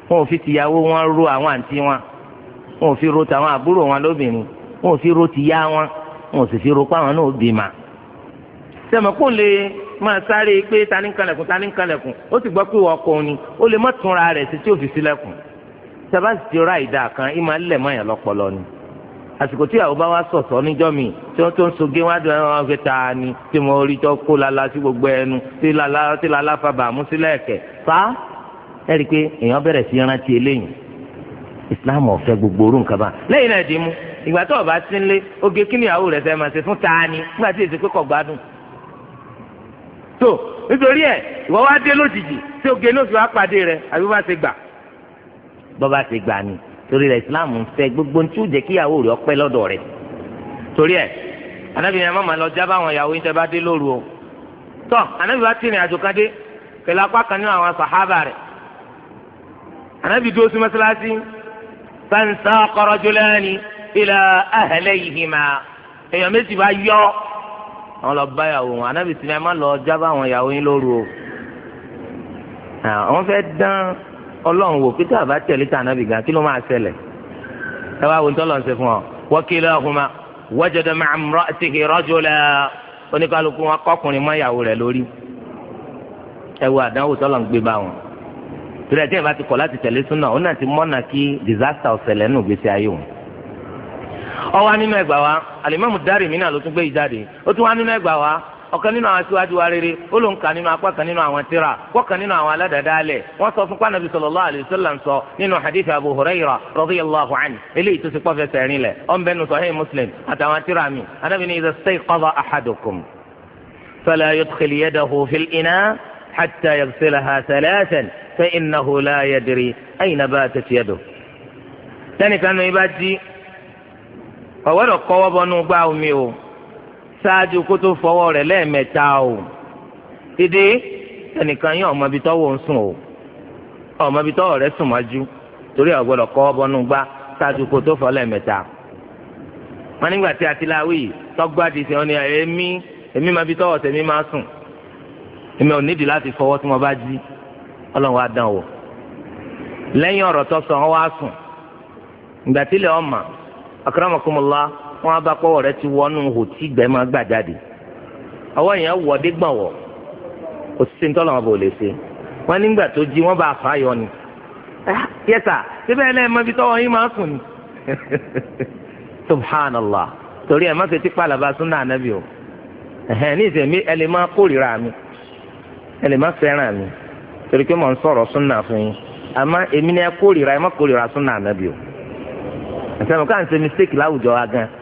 wọn ò fi tìyàwó wọn ro àwọn àǹtí wọn wọn ò fi ro tàwọn àbúrò wọn lóbìnrin wọn ò fi ro tìyá wọn wọn ò sì fi ro páwọn náà bímọ sẹmọkù lè máa sáré pé tani ń kalẹ̀kùn tani ń kalẹ̀kùn ó sì gbọ́ pé wọ́n kọ́ ni ó lè má túnra rẹ̀ sí tí ò fi sílẹ̀kùn tẹ bá sì ti ra àsìkò tí àwọn bá wá sọ̀sọ́ níjọ́ mi tí wọ́n tó ń so gé wá dùn wọn fi ta ni tí mo rí tó kó lala sí gbogbo ẹnu tí lala tí lala fa bàmú sílẹ̀ ẹ̀kẹ́ fa ẹ rí i pé èèyàn bẹ̀rẹ̀ sí rántí eléyìí Islam ọ̀fẹ́ gbogbo orú nǹkan bá lẹ́yìn náà dì í mú ìgbà tó o bá ti ń oge kí ni ìyàwó rẹ̀ fẹ́ máa ṣe fún ta ni nígbà tí èsì pé kò gbádùn tó nítorí ẹ ìwọ wá dé lójijì tí oge ló torí rẹ̀ islam ń fẹ́ gbogbo ní tí ó jẹ́ kí ìyàwó rẹ̀ ọpẹ́ lọ́dọ̀ rẹ̀ torí ẹ̀ anabi ni mama lọ jábá àwọn ìyàwó yín tẹ́ bá dé lóru o tọ anabi wa ti rìn àjò kan dé pẹ̀lú apá kan nínú àwọn sàhábà rẹ̀ anabi dúró sí mọ́sálásí fansa qarajulani ila ahlayhima èèyàn méjì bá yọ àwọn lọ bá ìyàwó wọn anabi ti ní ẹ má lọ jábá àwọn ìyàwó yín lóru o àwọn fẹ́ dán ọlọ́run wò pé tí a bá tẹ̀lé tí ànábì gan kí ló máa ṣẹlẹ̀ ẹ wá wo ní tọ́lọ̀ ń ṣe fún ọ wakilahuma wajada ma'a imra'atihi rajula oníkálukú wọn kọkùnrin mọ́ ìyàwó rẹ̀ lórí ẹ wo àdánwò tọ́lọ̀ ń gbé bá wọn tìrẹ̀ tí ẹ bá ti kọ̀ láti tẹ̀lé súnà ó náà ti mọ́nà kí disaster ọ̀sẹ̀lẹ̀ nù gbèsè ayé wọn ó nínú ẹgbàá wa alimami dari mi ló tún gbé yìí jáde ó tún wà nínú ẹgbàá wa ọ̀kan nínú àwọn aṣíwájú wa rere ó ló ń kà nínú apá kan nínú àwọn tírà wọ́kàn nínú àwọn aládàádáalẹ̀ wọ́n sọ fún pàànàbí sallallahu alayhi wasallam sọ nínú hadith abu huraira radiyallahu anhu eléyìí tó ti pọ́fẹ́ sẹ́rin lẹ̀ ọ̀nbẹ́nu sahih muslim àtàwọn tírà mi anábì ní idha stayqadha ahadukum fala yudkhil yadahu fil ina hatta yaghsilaha thalathan fa innahu la yadri ayna batat ṣáájú kó tó fọwọ́ rẹ̀ lẹ́ẹ̀mẹ́ta o dídí ẹnìkan yín ọmọ ibi tọ́wọ́ ń sùn o ọmọ ibi tọ́wọ́ rẹ̀ sùn mọ́jú torí ọ̀gbọ́dọ̀ kọ́ bọ́nú gbá ṣáájú kó tó fọ́ lẹ́ẹ̀mẹ́ta wọn nígbà tí a ti la wí tọ́gbàdì sí ọ ní ẹ̀mí ẹ̀mí máa bi tọ́wọ́ tẹ̀mí máa sùn èmi ò nídìí láti fọwọ́ tí mo bá jí ọlọ́run wa dán wò lẹ́yìn ọ̀rọ̀ tó sọ wọn wá sùn ìgbà tí ilẹ̀ wọn bá pọ́wọ́ rẹ ti wọnú hò tí gbẹ́ máa gbà jáde ọwọ́ yẹn wọ̀ dé gbọ̀n wọ̀ kò sí ní tọ́lọ́mọ bò lè ṣe wọn nígbà tó jí wọn bá a fà á yọ ni ah, yẹta síbẹ̀ ẹ̀ lẹ́yìn mọ́bi tọ́wọ́ yín máa sùn ni subhanallah torí ẹ̀ má ṣe ti pàlàbà súnà ànábì o ní ìsẹ̀mí ẹ lè máa kórìíra mi ẹ lè máa fẹ́ràn mi torí pé mò ń sọ̀rọ̀ súnà fún yín àmọ́ èmi ni ẹ kórìíra ẹ má kórìíra súnà ànábì o ẹ̀sẹ̀ mi káà ń ṣe mistake láwùjọ wa gan-an.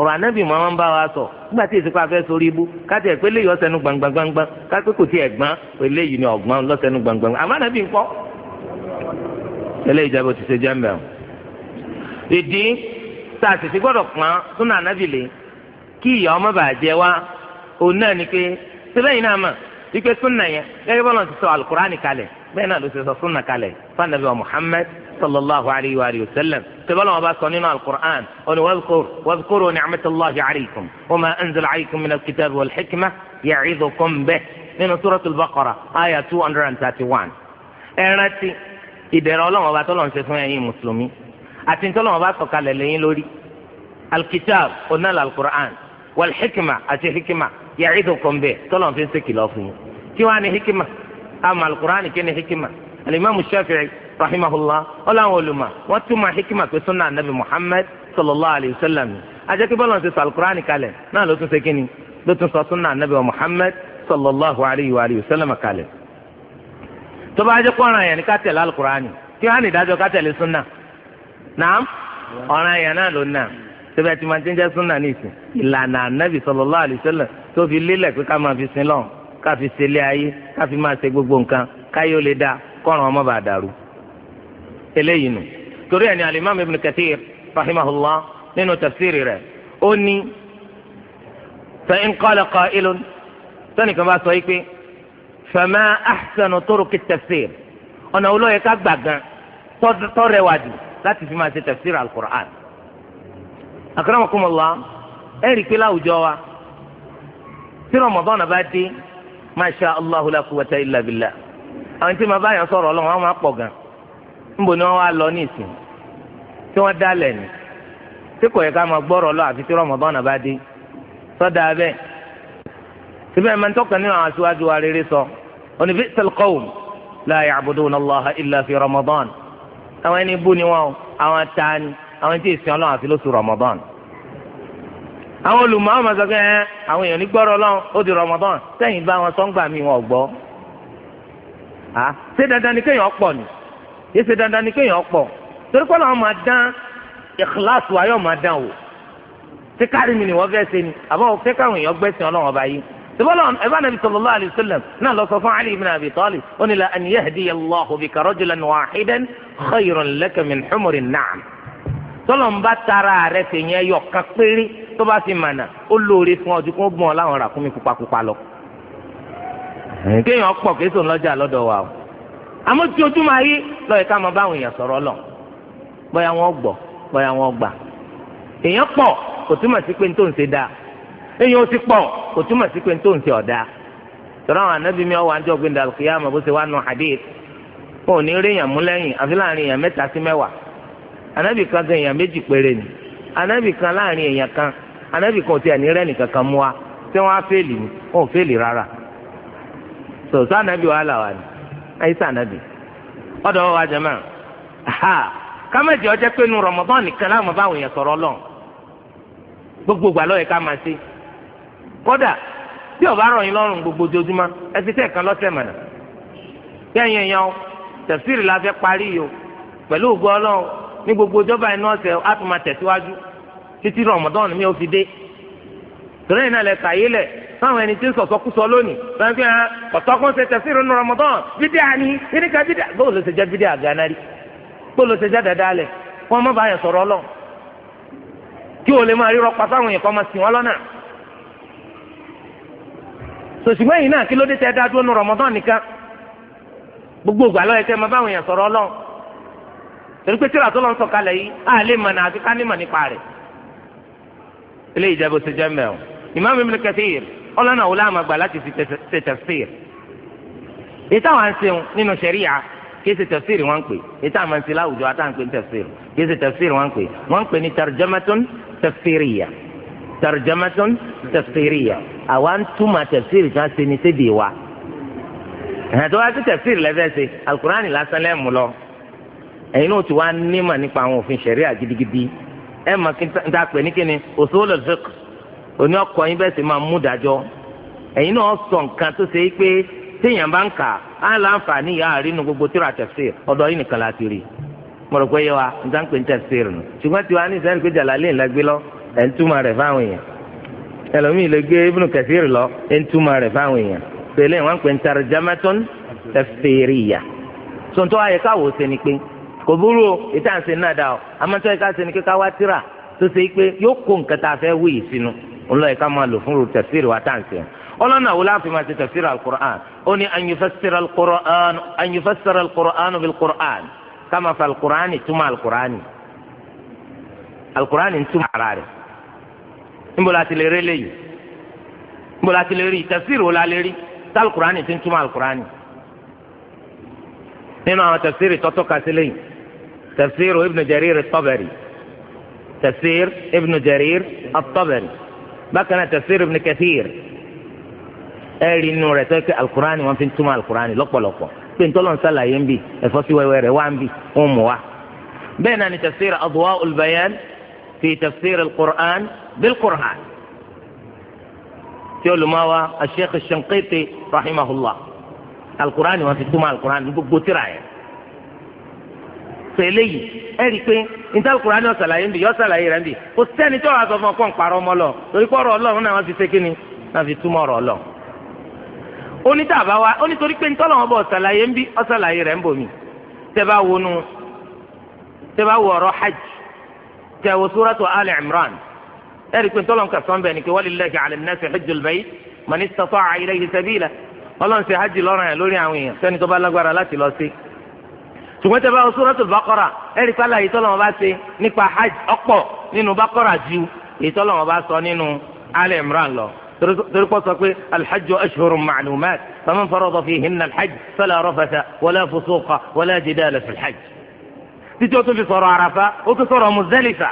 ọ̀rọ̀ anábì mọ́ wọn bá wa sọ nígbà tí èsì pa fẹ́ sórí ibú káti ẹ̀ pé léyìí ọ̀sẹ̀nu gbangbangba kápẹ́ kò tí ẹ̀ gbọ́n pé léyìí ni ọ̀gbọ́n lọ́sẹ̀nu gbangbangba àmọ́ anábì ń kọ́ eléyìí jábọ̀ ti ṣe jẹ́mbẹ̀ o. ìdí tá a sì ti gbọ́dọ̀ pọ́n súnà anábì lé kí ìyá ọmọ bàá jẹ wá òun náà ni pé síbẹ̀ yìí náà mọ̀ wípé súnà yẹn gẹ́gẹ́ bọ́lá ti sọ alukurani kalẹ̀ bẹ́ẹ̀ náà ló ṣe sọ súnà kalẹ̀ fanabi wa muhammad sallallahu alayhi wa sallam tẹ́bọ́lá wọn bá sọ nínú alukur'an oní wàzkur wàzkuru ni'matulahi alaykum wa ma anzala alaykum min alkitab wal hikma ya'idukum bih nínú suratul baqara aya two hundred and thirty one. ẹ rántí ìdẹ̀rẹ̀ ọlọ́wọ́n bá tọ́lọ̀ ń ṣe fún ẹ̀yin mùsùlùmí àti tọ́lọ̀ bá sọ kalẹ̀ lẹ́yìn lórí alkitab onílà alukur'an wal hikma àti hikma ya'idukum bih tọ́lọ̀ fi ń ṣèkìlọ̀ fún yín kí wàá ní hikma ama alukur'ani kí ni hikima alimami shafi'i rahimahullah ọlọ́run olùmọ̀ wọ́n túmọ̀ hikima pé sunna anabi muhammad sallallahu alayhi wa sallam ajẹ́kí bọ́lá ti sọ alukur'ani kalẹ̀ náà ló tún ṣe kí ni ló tún sọ sunna anabi muhammad sallallahu alayhi wa sallam kalẹ̀ tó bá ajẹ́ yẹn ni ká tẹ̀lé alukur'ani kí wọ́n á ní ìdájọ́ ká tẹ̀lé sunna naam ọ̀ràn yẹn náà ló náà síbẹ̀ tí ma ti ń jẹ́ sunna ní ìsìn ìlànà anabi sallallahu alayhi wa sallam tó fi lélẹ̀ pé ká máa fi sin lọ́wọ́ káfi ṣẹlẹ̀ ayé káfi máa ṣe gbogbo nǹkan káyé ó lè dá kọ́ràn ọmọ bá dàrú. eléyìí nù torí ẹ̀ ní alimami ibn kathir rahimahullah nínú tafsiri rẹ̀ ó ní fa'in qala qa'ilun sẹ́nìkan bá sọ yìí pé fama ahsanu turuqi tafsir ọ̀nà olóyè ká gbàgán tọ́rẹwà jù láti fi máa ṣe tafsir al-Qur'an. akramakumullah ẹ̀ rí i pé láwùjọ wa tí Ramadan bá dé masha allahu la quwwata illa billah àwọn tí ma bá yàn sọ̀rọ̀ ọlọ́run àwọn máa pọ̀ gan níbo ni wọ́n wá lọ ní ìsìn tí wọ́n dálẹ̀ ni tí kò yẹ ká máa gbọ́rọ̀ lọ àfi tí rọmọbọ́nà bá dé sọ́dà abẹ́ síbẹ̀ máa ń tọ́ka nínú àwọn aṣíwájú wa rere sọ òní bi'sal qawm la ya'buduna allaha illa fi rọmọbọ́n àwọn ẹni bú ni wọn àwọn tani àwọn tí ìsìn ọlọ́run àfi lóṣù rọmọbọ́n àwọn olùmọ̀ àwọn máa sọ pé ẹ àwọn èèyàn ní gbọ́rọ̀ ọlọ́run ó di rọmọdán sẹ́yìn bá wọn sọ́ngbà mi wọn ò gbọ́. à ṣé dandan ni kéèyàn pọ̀ ni yé ṣe dandan ni kéèyàn pọ̀ torí pé àwọn máa dán ìkíláàsì wa yóò máa dán o ṣé kárí mi ni wọ́n fẹ́ ṣe ni àbọ̀ fẹ́ káwọn èèyàn gbẹ́sìn ọlọ́run ọba yìí sibọlọn ẹbá nàbí sallallahu alayhi náà lọ sọ fún ali ibn abi talib ó ní la an yahdiya Allahu bika rajulan wahidan khayrun laka min humuri na'am tọlọmba tara rẹ fìyẹn yọ kakpiri tó bá fi mànà ó lóore fún ọdún kó gbọ́n láwọn ràkúnmí pupapupa lọ. kéèyàn pọ̀ késo lọ́jà lọ́dọ̀ wa o àmọ́ tí ojú máa yí lọ́ọ̀ ká máa báwọn èèyàn sọ̀rọ̀ lọ bóyá wọ́n gbọ́ bóyá wọ́n gbà èèyàn pọ̀ kò túmọ̀ sí pé ní tó ń ṣe dáa èèyàn ó sì pọ̀ kò túmọ̀ sí pé ní tó ń ṣe ọ̀dà tọ́lá àwọn anábì mi ọ̀wọ́ àjọ gbẹ̀ndà kìyàmọ̀ bó ṣe kan gan èèyàn méjì péré ni anábì kan láàrin èèyàn kan anabi kan ti ẹni rẹ nìkan kan mú wa tí wọn á fèlì ni wọn ò fèlì rárá sòsò anabi wàhálà wa ni ayisa anabi ọdọ wa jẹmọ ha kámẹjì ọjọ pé nu Ramadan nìkan láwọn báwọn yẹn sọ̀rọ̀ lọ gbogbo gbà lọyẹ ká máa ṣe kódà tí ọba rọ yín lọ́rùn gbogbo ojoojúmọ́ ẹ tẹ ẹkan lọ́sẹ̀ mọnà kẹyìn ẹyàn o tẹfsiri la fẹ́ parí yìí o pẹ̀lú ògbọ Ọlọ́run ní gbogbo ọjọba iná ọ̀sẹ̀ á tún máa tẹ̀síwájú títí rọmọdọ́ọ̀nù mi ò fi dé torí ìnáà lẹ kàyé lẹ fáwọn ẹni tí ń sọ̀sọ́kúsọ lónìí fẹ́ẹ́ fi hàn ọ̀tọ́kùn ṣe tẹ̀sí ìrònú rọmọdọ́ọ̀n bídíà ni kíníkà bídíà bó ló ṣe jẹ́ bídíà gánà rí bó ló ṣe jẹ́ dáadáa lẹ̀ wọ́n má bàa yẹn sọ̀rọ̀ ọlọ́ kí o lè máa rí rọpa fáwọn èèyàn kan máa sìn wọ́n lọ́nà. sòṣùgbọ́n yìí náà kí ló dé tẹ́ dáadúró nu rọmọdọ́ọ̀n nìkan gbogbo ìgbà lọ́yẹ̀ tẹ́ máa báwọn èèyàn sọ̀rọ̀ ọlọ́ torí pé tíra tó lọ ń sọ̀kalẹ̀ ilé ìjẹ́bù ti jẹ́ mẹ́wọ̀n ìmáàmù Ibn Kathir ọlọ́nà òun láàmú láti fi ṣe tafsir ètò àwọn nínú ṣẹ̀ríyà kìí ṣe tafsir wọn pè ètò àwọn láwùjọ àtàǹpẹ̀ ní tafsir ṣe tafsir wọn pè wọn pè ní tarjamatun tafsiriyya tarjamatun tafsiriyya àwa ń túmọ̀ tafsir kan ṣe ní sédìí wa ẹ̀hẹ́dọ́ wá sí tafsir lẹ́fẹ̀ẹ́sẹ̀ alukurani lásán lẹ́mú lọ ẹ̀yin náà ti wá nímọ̀ nípa àwọn òfin ṣẹ̀ríyà gidigidi ẹ mọ̀ kí n ta pè ní kíni usul al-fiqh òní ọkọ̀ yín bẹ́ẹ̀ sì máa mú dájọ́ ẹ̀yin náà sọ nǹkan tó ṣe é pé téèyàn bá ń kà á láǹfààní ìyá àrínú gbogbo tíra tafsir ọ̀dọ̀ yìí nìkan láti rí mo rò pé yẹ wa n ta ń pè ní tafsir nù ṣùgbọ́n tiwa ní sẹ́yìn pé Jalalayn la gbé lọ ẹ̀ ń túmọ̀ rẹ̀ fáwọn èèyàn ẹlòmíì lè gbé Ibn Kathir lọ ẹ̀ ń túmọ̀ rẹ̀ fáwọn èèyàn kò burú o ìta ń ṣe náà dá o amátọ́ ẹ̀ka ṣe ni kíkà wá tíra tó ṣe pé yóò kó nǹkan tá a fẹ́ wí ìsinú ńlọ ẹ̀ka máa lò fún tafsiri wa tá à ń ṣe ọlọ́nà wo láàfin máa ṣe tafsiri al-Qur'an ó ní an yufassira al-Qur'an an fa al túmọ̀ al-Qur'an túmọ̀ ara rẹ̀ níbo la ti lè rí eléyìí níbo la ti lè rí tafsiri wo la lè rí tá al ti túmọ̀ al nínú àwọn tafsiri tọ́tọ́ ka sí تفسير ابن جرير الطبري تفسير ابن جرير الطبري بكنا تفسير ابن كثير قال انه رتك القران وان فين ثم القران لقب لقب بين طولن صلى يمبي الفصي ويري وان بي اموا بين ان إيوة تفسير اضواء البيان في تفسير القران بالقران يقول ما هو الشيخ الشنقيطي رحمه الله القران وان فين ثم القران بوتراي sọ eléyìí ẹ rí i pé ìtàkùrọ̀ àná ṣàlàyé nbì yọ ṣàlàyé rẹ̀ nbì kò sẹ́ni tí wọ́n sọ fún ọ kọ́ ń parọ́ ọmọ lọ torí pé ọ̀rọ̀ ọlọ́run náà wọ́n fi ṣe kíni náà fi túmọ̀ ọ̀rọ̀ ọlọ́run. onítàbá wa onítorí pé ntọ́lọ̀ wọn bọ̀ ṣàlàyé nbì ọ ṣàlàyé rẹ̀ nbò mí tẹ́ bá wo nu tẹ́ bá wo ọ̀rọ̀ hajj tẹ́ wo suratu ali imran ẹ rí i pé ntọ́lọ̀ nǹkan sọ́n bẹ̀ ni pé walillahi ṣùgbọ́n tẹ́ bá wọ suratul baqara ẹ̀rí pálá èyí tọ́lọ́wọ́n bá ṣe nípa hajj ọ̀pọ̀ nínú baqara ju èyí tọ́lọ́wọ́n bá sọ nínú alẹ́ imran lọ torí pọ́ sọ pé alhajj ashhurun ma'lumat faman farada fihinna alhajj fala rafatha wala fusuqa wala jidala fil hajj. títí o tún fi sọ̀rọ̀ àràfà o tún sọ̀rọ̀ muzdalifa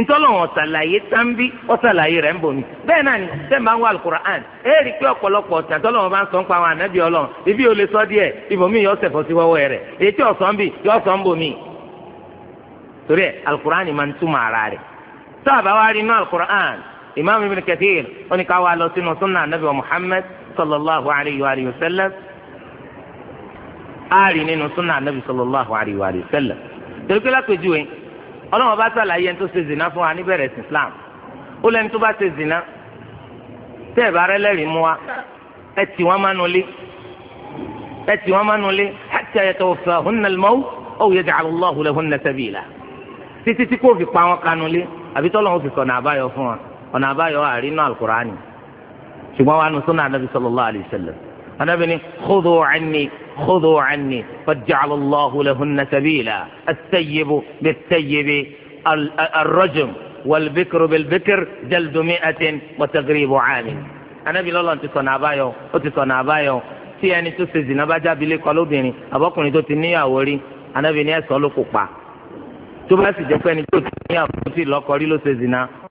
ntọ́lọ́wọ̀n ọ̀sàlàyé tánbí ọ̀sàlàyé rẹ̀ ń bò mí bẹ́ẹ̀ náà ni sẹ́ẹ̀ máa ń wá alukur'an ẹ rí i pé ọ̀pọ̀lọpọ̀ ọ̀sàn tọ́lọ́wọ̀n bá ń sọ ń pa àwọn ànábì ọlọ́run ibi ò lè sọ díẹ̀ ibòmí yọ sẹ̀fọ́ sí rẹ̀ ètò ọ̀sán bì yọ sọ́n bò mí. torí ẹ alukur'an máa ń túmọ̀ ara rẹ̀ sábà wá rí inú alukur'an imaamu ibn kathir ó ní ká lọ sínú sunna anabi wa muhammad sallallahu alayhi wa sallam á rí nínú sunna anabi sallallahu alayhi wa sallam ọlọ́wọ́n bá sàlàyé ẹni tó ṣe zina fún wa níbẹ̀rẹ̀ sí islam ó lẹ́ni tó bá ṣe zina tẹ́ ẹ̀ bá rẹ́ lẹ́rìí mú wa ẹ tì wọ́n mánu lé ẹ tì wọ́n mánu lé hatta yatawaffahunna al-mawt aw yaj'ala Allahu lahunna sabila títí tí kò fi pa wọn kanu lé àbí tọ́lọ́wọ́n fi sọ̀nà àbáyọ fún wa ọ̀nà àbáyọ àrínú al anábì ní khudhu anni khudhu anni qad ja'ala Allahu lahunna sabila at-tayyibu bit-tayyibi ar-rajm wal-bikru bil-bikr jaldu mi'atin wa taghribu 'amin anábì lọ́lọ́ ti sọ̀nà àbáyọ ó ti sọ̀nà àbáyọ tí ẹni tó ṣe zìnnà bá jábìlẹ̀ kọ́ lóbìnrin àbọ́kùnrin tó ti níyàwó rí anábì ní ẹ̀sọ́ ló kópa tó bá sì ti níyàwó tó ti lọ́kọ rí ló